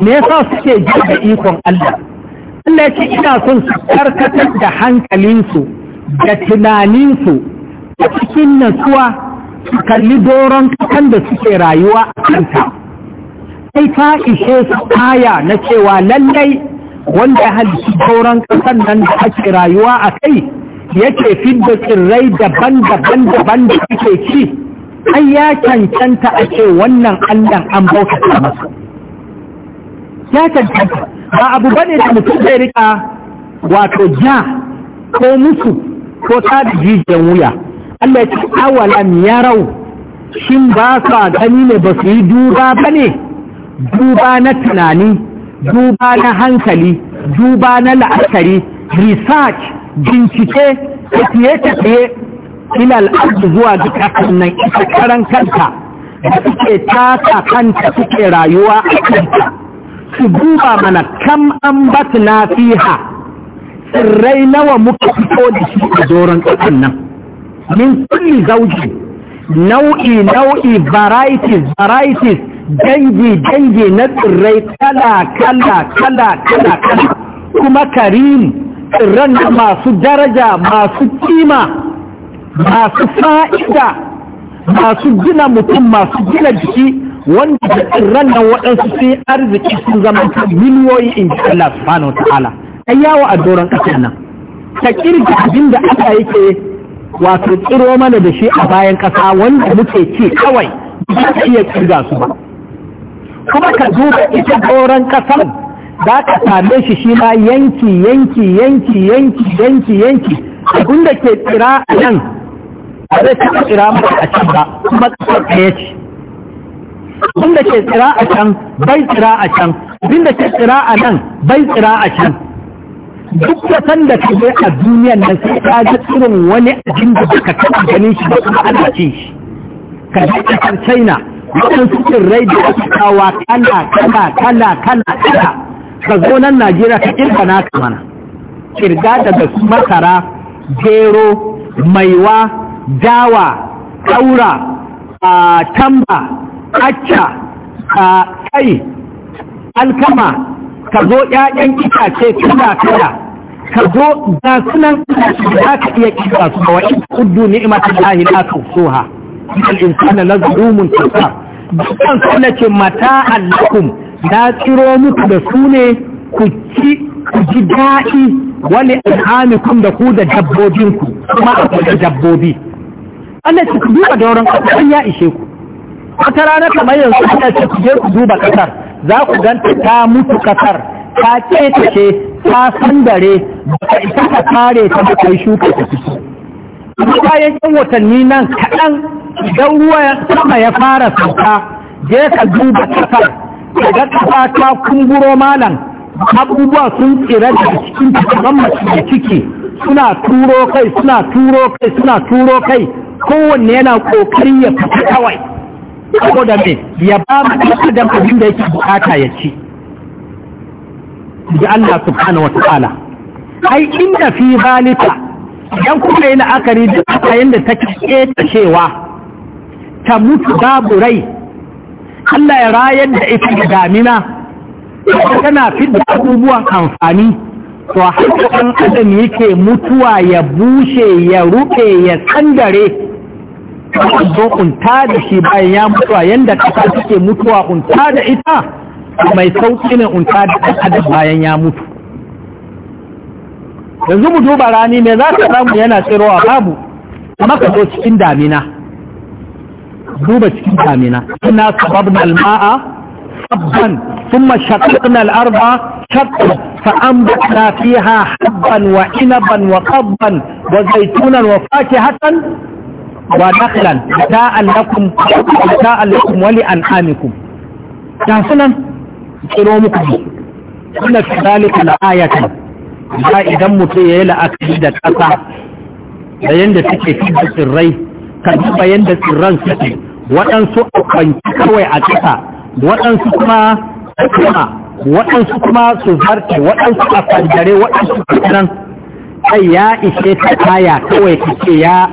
me yasa suke jira da ikon Allah Allah yake ina son su karkatar da hankalinsu da tunaninsu a cikin natsuwa su kalli doron kan da suke rayuwa a kanta sai ta ishe su kaya na cewa lallai wanda ya halittu sauran ƙasar nan da ake rayuwa a kai yake fidda tsirrai daban-daban daban da ake ci an ya cancanta a ce wannan allan an bautata masa ya cancanta ba abu ba ne da mutum zai rika wato ja ko musu ko ta da jijiyar wuya allah ya ce awalam yarau shin ba sa gani ne ba su yi duba ba ne duba na tunani duba na hankali duba na la'akari research bincike tafiye-tafiye ilal arzu zuwa ga ƙasar nan ita karan kanta da suke tasa kanta suke rayuwa a kanta su duba mana kam an na fiha tsirrai nawa muka fito da shi a doron ƙasar nan min kulli zauji nau'i nau'i varieties varieties dangi dangi na tsirrai kala kala kala kala kala kuma karim tsirran masu daraja masu kima masu fa'ida masu gina mutum masu gina jiki wanda da tsirran nan waɗansu sai arziki sun zama miliyoyi in ji Allah subhanahu wa ta'ala yawo a doron ƙasa nan ta ƙirga abin da yi ke wato tsiro mana da shi a bayan ƙasa wanda muke ci kawai ba iya ƙirga su ba kuma ka duba ita goron kasar za ka same shi shi ma yanki yanki yanki yanki yanki yanki abin da ke tsira a nan a zai taɓa tsira mai a can ba kuma kasar ɗaya ce abin da ke tsira a can bai tsira a can abin da ke tsira a nan bai tsira a can duk san da ka zai a duniyan nan sai ka ga irin wani abin da baka taɓa ganin shi ba kuma ana ce shi ka zai kasar china waɗansu tsirrai da ake kawa kala kala kala kala kala ka zo nan najeriya ka kirka na ka mana kirga daga su masara gero maiwa dawa ƙaura a tamba acca a kai alkama ka zo ‘ya'yan itace kala kala ka zo ga sunan da ka iya kira su ga in kuddu ni'imatan lahi la tusuha al insana lazumun tasar dukkan na ce mata allakum na tsiro muku da su ne ku ci ku ji daɗi wani al'amikum da ku da dabbobinku kuma akwai da dabbobi Allah ce ku duba da wurin ƙasa an ya ishe ku wata rana kamar yanzu ana ce ku je ku duba ƙasar za ku ganta ta mutu ƙasar ta ketace ta sandare ba isa ka kare ta ba kai shuka ta fito bayan yan watanni nan kaɗan idan ruwa ya sama ya fara sauka je ka duba kasar daga kasa ta kumburo malam abubuwa sun tsira da cikin kaman mace da ciki suna turo kai suna turo kai suna turo kai kowanne yana kokari ya fita kawai Ko da me ya ba mu da abin da yake bukata ya ci ji Allah subhanahu wataala ai inda fi zalika idan kuma yi la'akari da kayan da take ƙeta cewa ta mutu babu rai Allah ya rayar da ita da damina tana fidda abubuwan amfani to haka ɗan adam yake mutuwa ya bushe ya rufe ya tsandare zo unta da shi bayan ya mutuwa yadda ƙasa take mutuwa unta da ita mai sauƙi ne unta da ɗan bayan ya mutu yanzu mu duba rani me za ka samu yana tsirowa babu maka zo cikin damina duba cikin damina suna sababna alma'a sabban thumma shaqaqna al-arba shaqqa fa anbatna ha habban wa inaban wa qabban wa zaitunan wa fakihatan wa dakhlan ta'an lakum ta'an lakum wa li'anamikum ta sunan tsiro muku inna fi dhalika la'ayatan ba idan mutum yi la'akari da ƙasa da yanda suke fi tsirrai ka duba yadda tsirran suke waɗansu a kwanci kawai a ƙasa waɗansu kuma a kuma waɗansu kuma su zarce waɗansu a fandare waɗansu a kanan kai ya ishe ta kaya kawai ta ce ya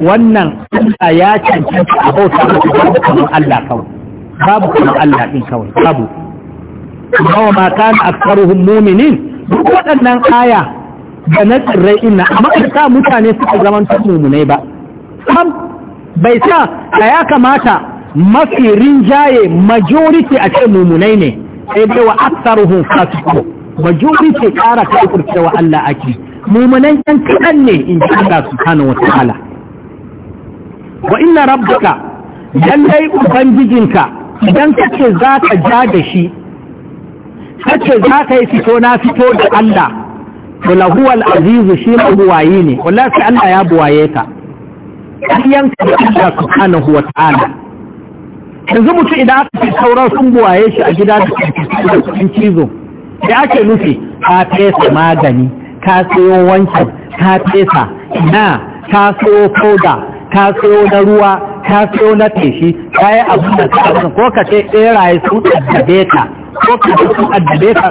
wannan Allah ya cancanta a bauta masu babu kamar Allah kawai babu kamar Allah ɗin kawai babu kuma mata na aksaruhum mu'minin duk waɗannan kaya da na tsirrai ina amma ka mutane suka zama mumunai ba bai sa da ya kamata mafi rinjaye majority a cikin mumunai ne sai dai wa aksaruhum fasiko majority kara kafircewa Allah ake mumunan yan kaɗan ne in ji Allah subhanahu wataala wa inna rabbaka lallai ubangijinka idan kake za ka ja da shi kace za ka yi fito na fito da Allah to lahuwal azizu shi mabuwayi ne wallahi Allah ya buwaye ka ƙaryanka da Allah subhanahu wa ta'ala yanzu mutum idan aka ce sauran sun buwaye shi a gida da kankisu da kuɗin cizo da ake nufi ka fesa magani ka sayo wancan ka fesa na ka sayo foda ka sayo na ruwa ka sayo na feshi ka yi abu da ka abu ko ka ce ɓeraye sun addabe ka ko ka ce sun addabe ka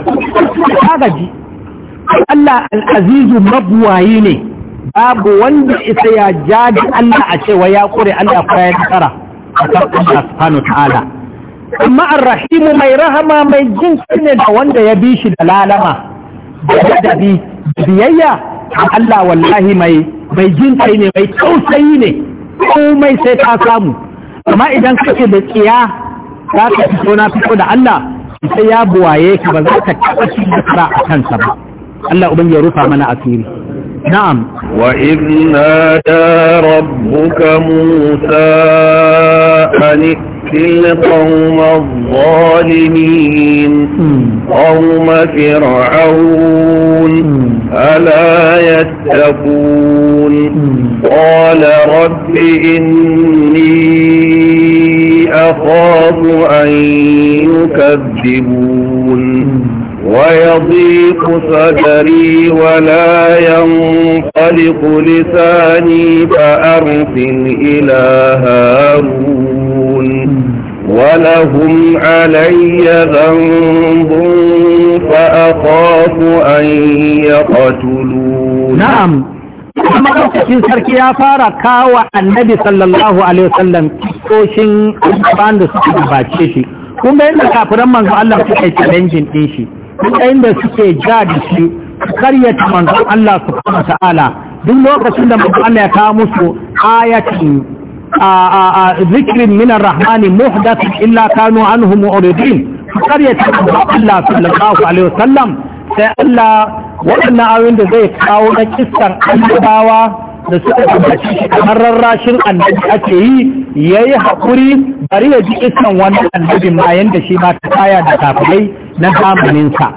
ka gaji Allah al'azizu mabuwayi ne babu wanda isa ya jaji Allah a cewa ya kure Allah ko ya tsara a kan Allah subhanahu ta'ala amma rahimu mai rahama mai jin ne da wanda ya bi shi da lalama da dabi biyayya Allah wallahi mai mai jin kai ne mai tausayi ne komai sai ta samu amma idan kake da tsiya za ka fito na fito da Allah sai ya buwaye ka ba za ka taɓa cin nasara a kansa ba Allah ubangiji ya rufa mana asiri نعم وإذ نادى ربك موسى أن ائت القوم الظالمين قوم فرعون ألا يتقون قال رب إني أخاف أن يكذبون ويضيق صدري ولا ينطلق لساني فأرسل إلى هارون ولهم علي ذنب فأخاف أن يقتلون نعم kuma lokacin sarki ya fara kawo annabi sallallahu alaihi wasallam koshin da suka gabace shi kuma yadda kafiran manzo Allah suka yi challenging din shi kudayen da suke ja da shi karyata manzon Allah subhanahu ta'ala duk lokacin da manzon Allah ya kawo musu ayatin a zikirin minar rahmani muhdathin illa kanu su mu'ridin karyata manzon Allah sallallahu alaihi wasallam sai Allah waɗannan abin da zai kawo na kistan annabawa da suka tabbaci shi kamar rarrashin annabi ake yi ya yi haƙuri bari ya ji iskan wani annabi ma yanda shi ma ta kaya da kafirai na zamaninsa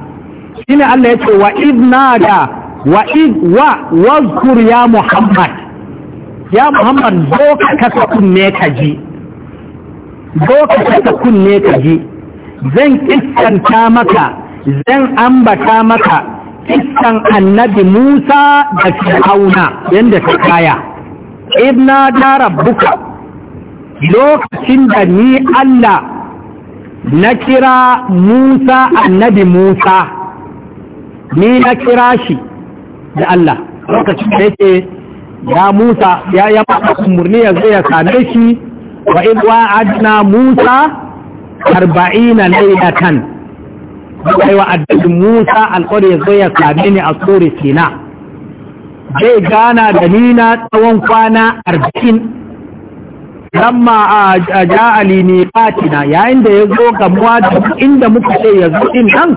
shine Allah ya ce wa idnada wa id wa wazkur ya Muhammad ya Muhammad zo ka kasa kunne ka ji zo ka kasa kunne ka ji zan ta maka zan ambata maka Kistan annabi Musa da Fir'auna yadda ta kaya idnada rabbuka lokacin da ni Allah na kira Musa annabi Musa ni na kira shi da Allah lokacin da yake ya Musa ya yi masa umarni ya zai ya same shi wa in wa'adna Musa arba'ina laylatan kai wa addabin Musa alƙawari ya zai ya same ni a tsore Sina zai gana da Nina tsawon kwana arba'in lamma a ja'ali ne fatina yayin da ya zo ga inda muka ce ya zo din nan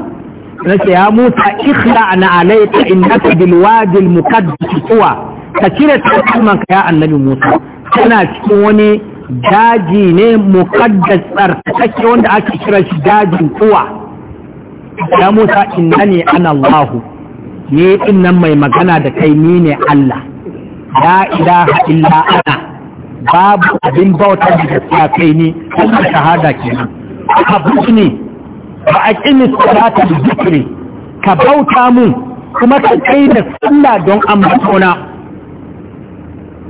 na ce ya muta ikhla na in innaka bil bilwa muqaddas tuwa ka cire takalman ka ya annabi musa kana cikin wani daji ne muqaddas kake wanda ake kira shi dajin kuwa ya musa innani ana allahu ne nan mai magana da kai ni ne allah la ilaha illa ana babu abin bauta da gaskiya kai ne Allah shahada kenan ka busni ba a kini salata da zikiri ka bauta mun kuma ka kai da sallah don ambatona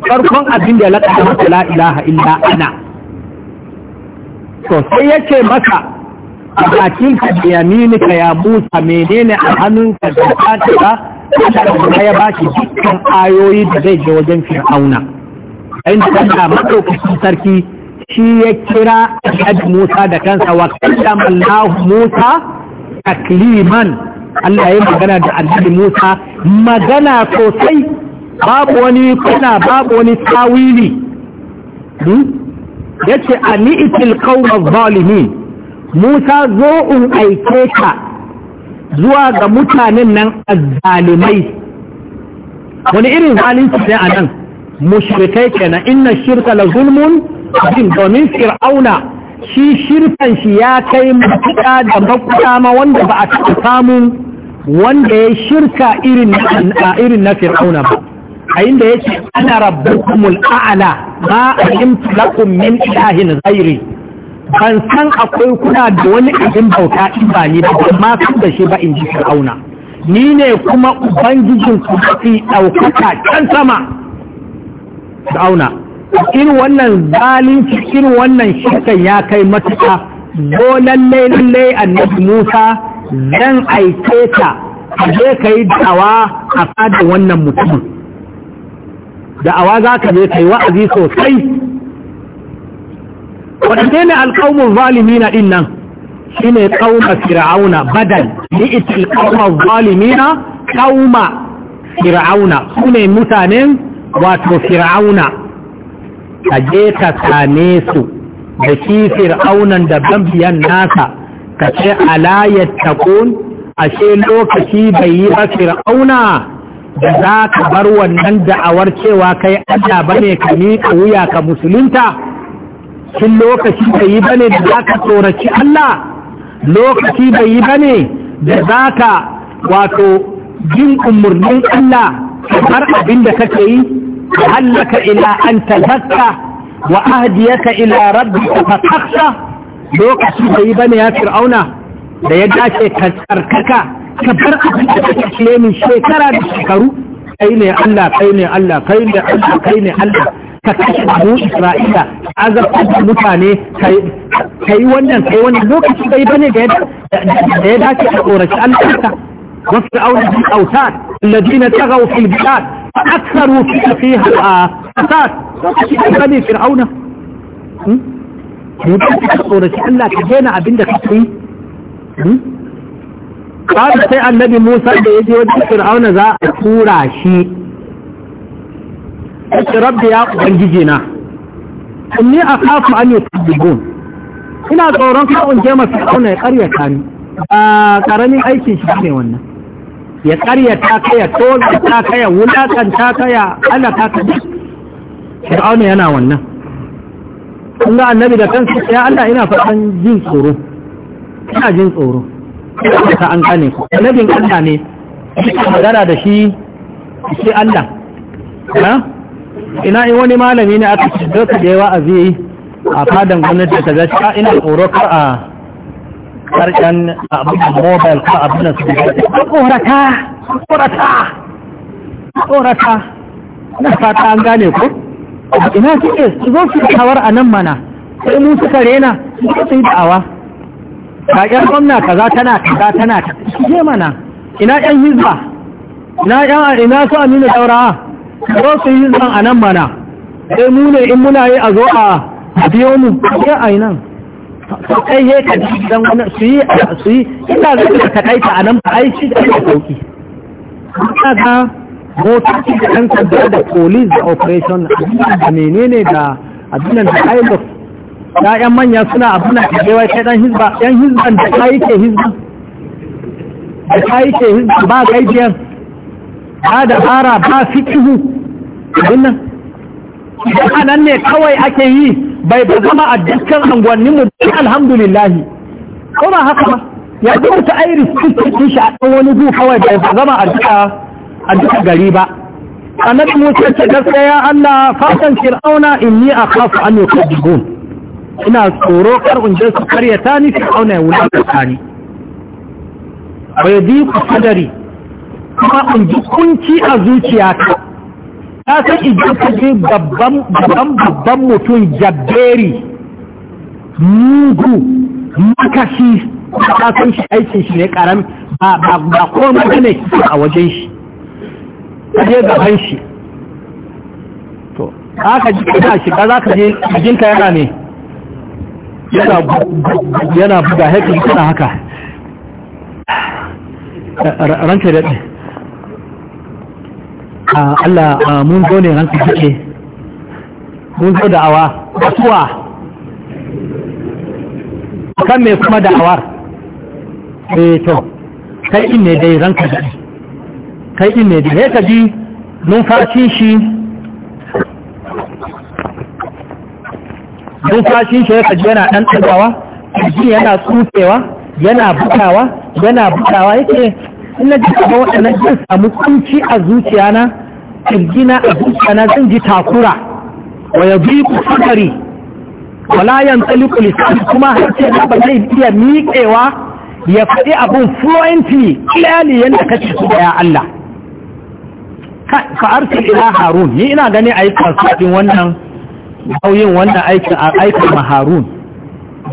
farkon abin da ya laƙa masa la ilaha illa ana to sai yake maka, a bakinka da ka ya musa menene a hannunka da ta da ya baki dukkan ayoyi da zai je wajen fir'auna inda Allah madaukakin sarki shi ya kira Annabi Musa da kansa wa kallama Allah Musa takliman Allah ya magana da Annabi Musa magana sosai babu wani kuna babu wani tawili hmm? yace ani'til qawma zalimin Musa zo in aike ka zuwa ga mutanen nan azzalimai wani irin zalunci ne a nan mushrikai kenan inna shirka la zulmun abin domin fir'auna shi shirkan shi ya kai matuƙa da makuta ma wanda ba a taɓa samun wanda ya shirka irin na fir'auna ba a inda ya ce ana rabbukumul a'ala ma a lakum min ilahin ghairi ban san akwai kuna da wani abin bauta in ba ni ba amma san da shi ba in ji fir'auna ni ne kuma ubangijin ku mafi ɗaukaka can sama fir'auna in wannan zalunci in wannan shirkan ya kai matuƙa zo lallai lallai annabi Musa zan aike ta ka je ka yi a fadin wannan mutumin da'awa za ka je ka wa'azi sosai waɗanne ne alƙawun zalimi na ɗin nan shi ne ƙauna fir'auna badan ita ƙauna zalimina ƙauna fir'auna su ne mutanen wato fir'auna ka je ka same su da shi fir'aunan da bambiyan nasa ka ce alayat takun ashe lokaci bai yi ba fir'auna da za ka bar wannan da'awar cewa kai Allah ne ka miƙa wuya ka musulunta shin lokaci bai yi ba ne da za ka tsoraci Allah lokaci bai yi ba ne da za ka wato jin umarnin Allah kamar abin da kake yi لعلك الى ان تذكى واهديك الى ربك فتخشى لوك سيبا يا فرعون لا يجاشي كتركك كبر اخلين شكرا بشكرو اين الله اين الله اين الله اين الله كتشف اسرائيل عزب قد كي كي ونن كي ونن لوك سيبا جد لا يجاشي اقورش وفرعون في الذين تغوا في البلاد فأكثروا فيها الفساد بني فرعون يبقى تقولك الله كجينا عبندك في قال سي النبي موسى da yaje wajen Fir'auna za a tura shi Sai Rabbi ya ubangije na inni akhafu an yukadibun ina tsoron ka unje masa Fir'auna ya karyata ni aikin shi ne wannan ya karyata ka ya tozarta ka ya wulakanta ka ya ta ka duk fir'auna yana wannan Allah annabi da kansa ya Allah ina fatan jin tsoro ina jin tsoro ka an gane ku annabin Allah ne shi magana da shi shi Allah ha ina in wani malami ne aka shiga ka da yawa a a fadan gwamnati ta gaci ina tsoro kar a harkan abin mobil ko abin da su korata korata korata na fata an gane ku. ina suke zo su kawar a nan mana sai mu suka rena suka su yi da'awa kaƙen gwamna kaza tana kaza tana su mana ina ƴan hizba ina ƴan ina su aminu daura. zo su yi zan a nan mana sai mu ne in muna yi a zo a biyo mu sai a yi nan sai he ka dan wani su yi su yi ina ga ka takaita a nan ba ai shi da sauki kaga ki da ɗan sanda da police da operation da menene da abinan da da yan manya suna abuna da kewa kai ɗan hizba ɗan hizba da kai ke hizba da kai ke hizba ba kai gaibiyar ba da fara ba fikihu abinan idan anan ne kawai ake yi bai ba zama a dukkan mu. alhamdulillahi ko ba haka ba ya ji mutu airis cikin shi a ɗan wani gu kawai da ya zama a duka gari ba annabi musa ce gaskiya ya Allah fatan fir'auna inni a an yukadibun ina tsoro kar in je su ta ni fir'auna ya wulaka ni bai bi ku sadari kuma in ji kunci a zuciya ta san idan ta je babban babban mutum jabberi mugu makashi ka san shi aikin shi ne karam ba ba komai ne a wajen shi kaje gaban shi to haka ji shi ba za ka je jinka yana ne yana buga haka kuna haka ranka da ah, Allah ah, mun zo ne ranka jike mun zo da awa suwa kan mai kuma da'awar eh to kai in ne dai ranka da kai in ne dai kaji ji numfashin shi numfashin shi ya ji yana ɗan tsagawa ji yana tsutsewa yana bukawa yana bukawa yake ina ji kaba waɗannan jin samu kunci a zuciya na kirgina a zuciya na zan ji takura wa yabi bi kusuri wala yantaliqu lisan kuma harshe na ba zai iya miƙewa ya faɗi abun fluently clearly yadda kace su da Allah ka arsil ila harun ni ina gani ayi kasuwin wannan nauyin wannan aikin a aikin ma harun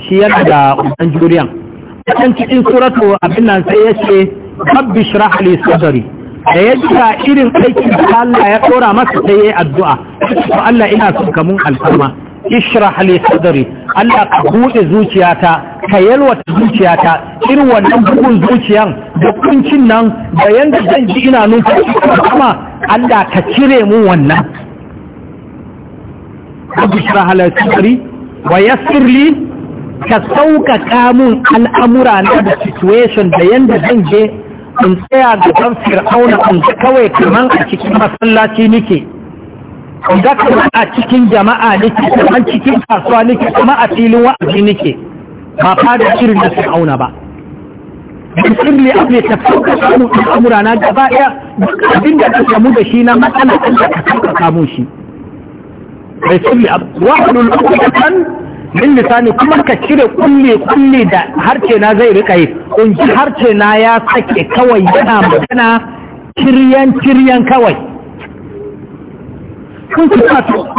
shi yana da ɗan juriyan kan cikin suratu abin nan sai ya ce rabbi Shira li sadri da ya jira irin aikin da Allah ya ɗora masa sai yayi addu'a to Allah ina son kamun alfarma ishrah li sadri Allah ka bude zuciyata ka yalwata zuciyata irin wannan bugun zuciyan da kuncin nan da yanda zan ji ina numfashi kuma Allah ka cire mu wannan ishrah li sadri wa yassir li ka sauƙaƙa mun al'amura na da situation da yanda zan je in tsaya ga gaban fir'auna in kawai kaman a cikin masallaci nike zaka a cikin jama'a nake an cikin kasuwa nake kuma a filin wa'azi nake ba fada shirin da auna ba bin sirri da ne tafauka samu al'amura na gaba ɗaya abin da ka samu da shi na matsala ɗin da ka sauka samu shi bai sirri abu wa'adul ukwatan min lisani kuma ka cire kulle kulle da harce na zai rika yi kunji harce na ya sake kawai yana magana kiryan kiryan kawai kun ku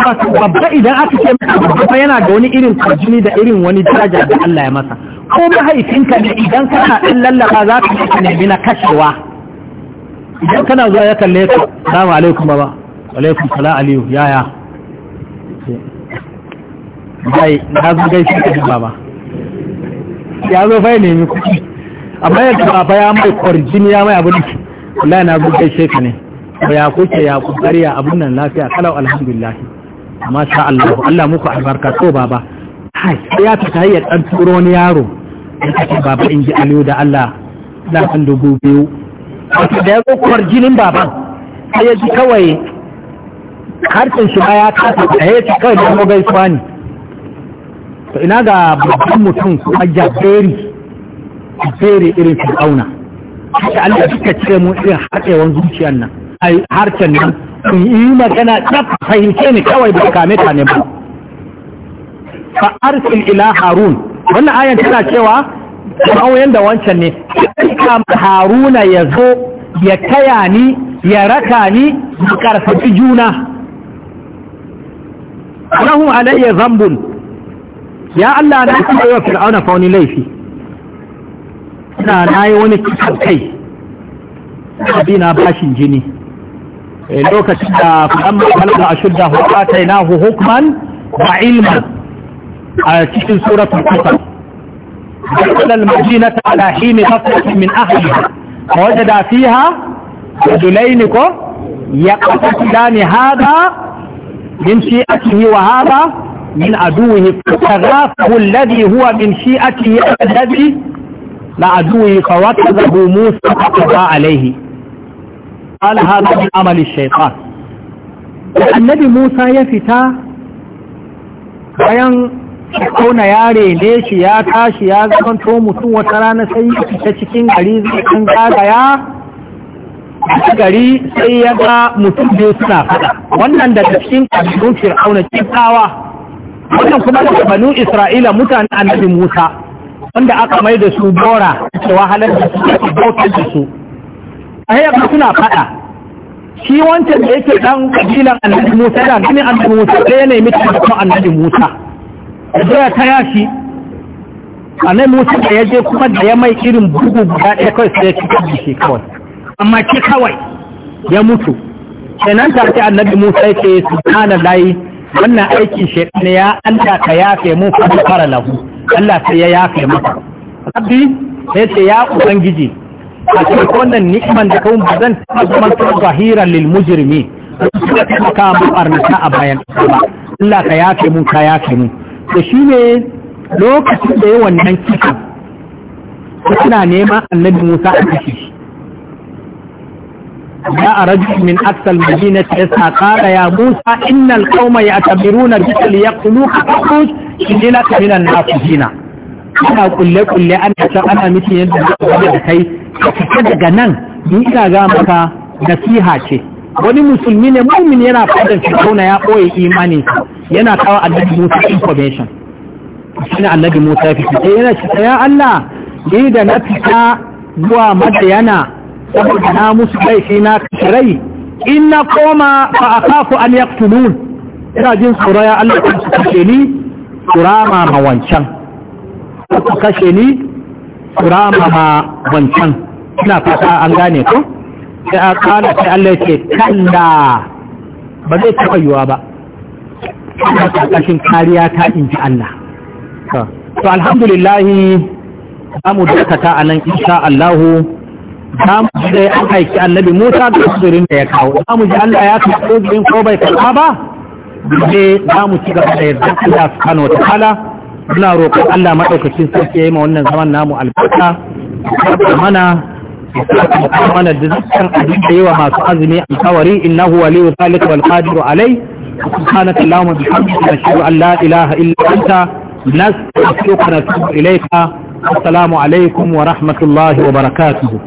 wato babba idan aka ce babba yana da wani irin kwarjini da irin wani daraja da Allah ya masa ko mahaifinka ne idan kana ɗan lallaba za ka ka nemi na kashewa idan kana zuwa ya kalle ka salamu alaikum baba alaikum salam aliyu yaya bai na zo gaishe ka da baba ya zo fa ya nemi kuɗi amma yadda baba ya mai kwarjini ya mai abin wallahi na zo gaishe ka ne ko ya kuke ya kokariya abun nan lafiya kalau alhamdulillah amma sha Allah Allah muku albarka to baba hai ya ta ya dan turo wani yaro ya baba in ji aliyu da Allah na kan dubu biyu wato da ya zo kuwar jinin baban sai ya ji kawai harshen shi ba ya kasa da ya ce kawai da mu bai ne to ina ga babban mutum kuma jaberi jaberi irin fir'auna haka Allah suka ce mu irin haɗewan zuciyar nan harcen nan in yi magana ta fahimce ne kawai ba kame ta ne ba fa arsil ila harun wannan ayan tana cewa kawai da wancan ne ka haruna ya zo ya taya ni ya raka ni ya karfafi juna lahu alayya zambun ya Allah na kuma wa fir'auna fauni wani laifi ina nayi wani kai abina bashin jini lokacin da falamma balaga ashudda hu atainahu hukman wa ilman a cikin دخل المدينة على حين غفلة من أهلها فوجد فيها رجلين يقتتلان هذا من شيئته وهذا من عدوه فتغافه الذي هو من شيئته الذي لعدوه فوكذه موسى فقضى عليه قال هذا من عمل الشيطان النبي موسى يفتا bayan kauna ya rene shi ya tashi ya to mutum wata rana sai ya fita cikin gari zai kan gagaya gari sai ya ga mutum biyu suna fada wannan daga cikin kabilun fir'auna kitawa wannan kuma daga banu isra'ila mutane annabi musa wanda aka mai da su bora cewa halar da su bautar da su ai ba suna fada shi wancan da yake dan kabilan annabi Musa da gani annabi Musa da ya nemi kuma annabi Musa da ta yashi annabi Musa da ya je kuma da ya mai irin bugu guda ɗaya kawai sai ya ci kabi shi kawai amma ki kawai ya mutu kenan ta ce annabi Musa yake layi wannan aiki shaytan ya Allah ka yafe mu fara lahu Allah sai ya yafe maka rabbi sai ce ya ubangiji a wannan ni'iman da kawun zan taɓa zaman ta zahira lil mujrimi suka taimaka mu barnata a bayan ba Allah ka yafe mun ka yafe mun da shi ne lokacin da yawan wannan kisan suna nema annabi Musa a kashe shi جاء رجل من أقصى المدينة يسعى قال يا موسى إن القوم يعتبرون بك ليقتلوك فاخرج إني لك من الناصحين ana kulle-kulle ana can ana mutum yadda zai da kai ka daga nan in ina ga maka nasiha ce wani musulmi ne mumin yana fadar fir'auna ya ɓoye imani yana kawo annabi musa information shi ne annabi musa ya fita sai eh, yana cewa ya allah ni da na fita zuwa madayana saboda na musu laifi na kashirai in na koma fa akafu an yaqtulun ina jin tsoro ya allah su kashe ni kurama ma wancan ku kashe ni kurama ma wancan ina fata an gane ko sai a kana sai Allah ce kalla ba zai taɓa yiwa ba ina ƙarƙashin kariya ta inji Allah to alhamdulillahi za mu dakata a nan insha Allahu za mu dai an haiki annabi Musa da kudurin da ya kawo za mu ji Allah ya fi ko ko bai karɓa ba Bude za mu ci gaba da yarda Allah subhanahu wa ta'ala muna roƙon Allah maɗaukacin sarki ya yi ma wannan zaman namu albarka da mana mana da dukkan abin da masu azumi alkawari innahu waliyyu zalika wal qadiru alai subhanaka allahumma bihamdika nashhadu an la ilaha illa anta nastaghfiruka wa natubu ilayka assalamu alaikum wa rahmatullahi wa barakatuh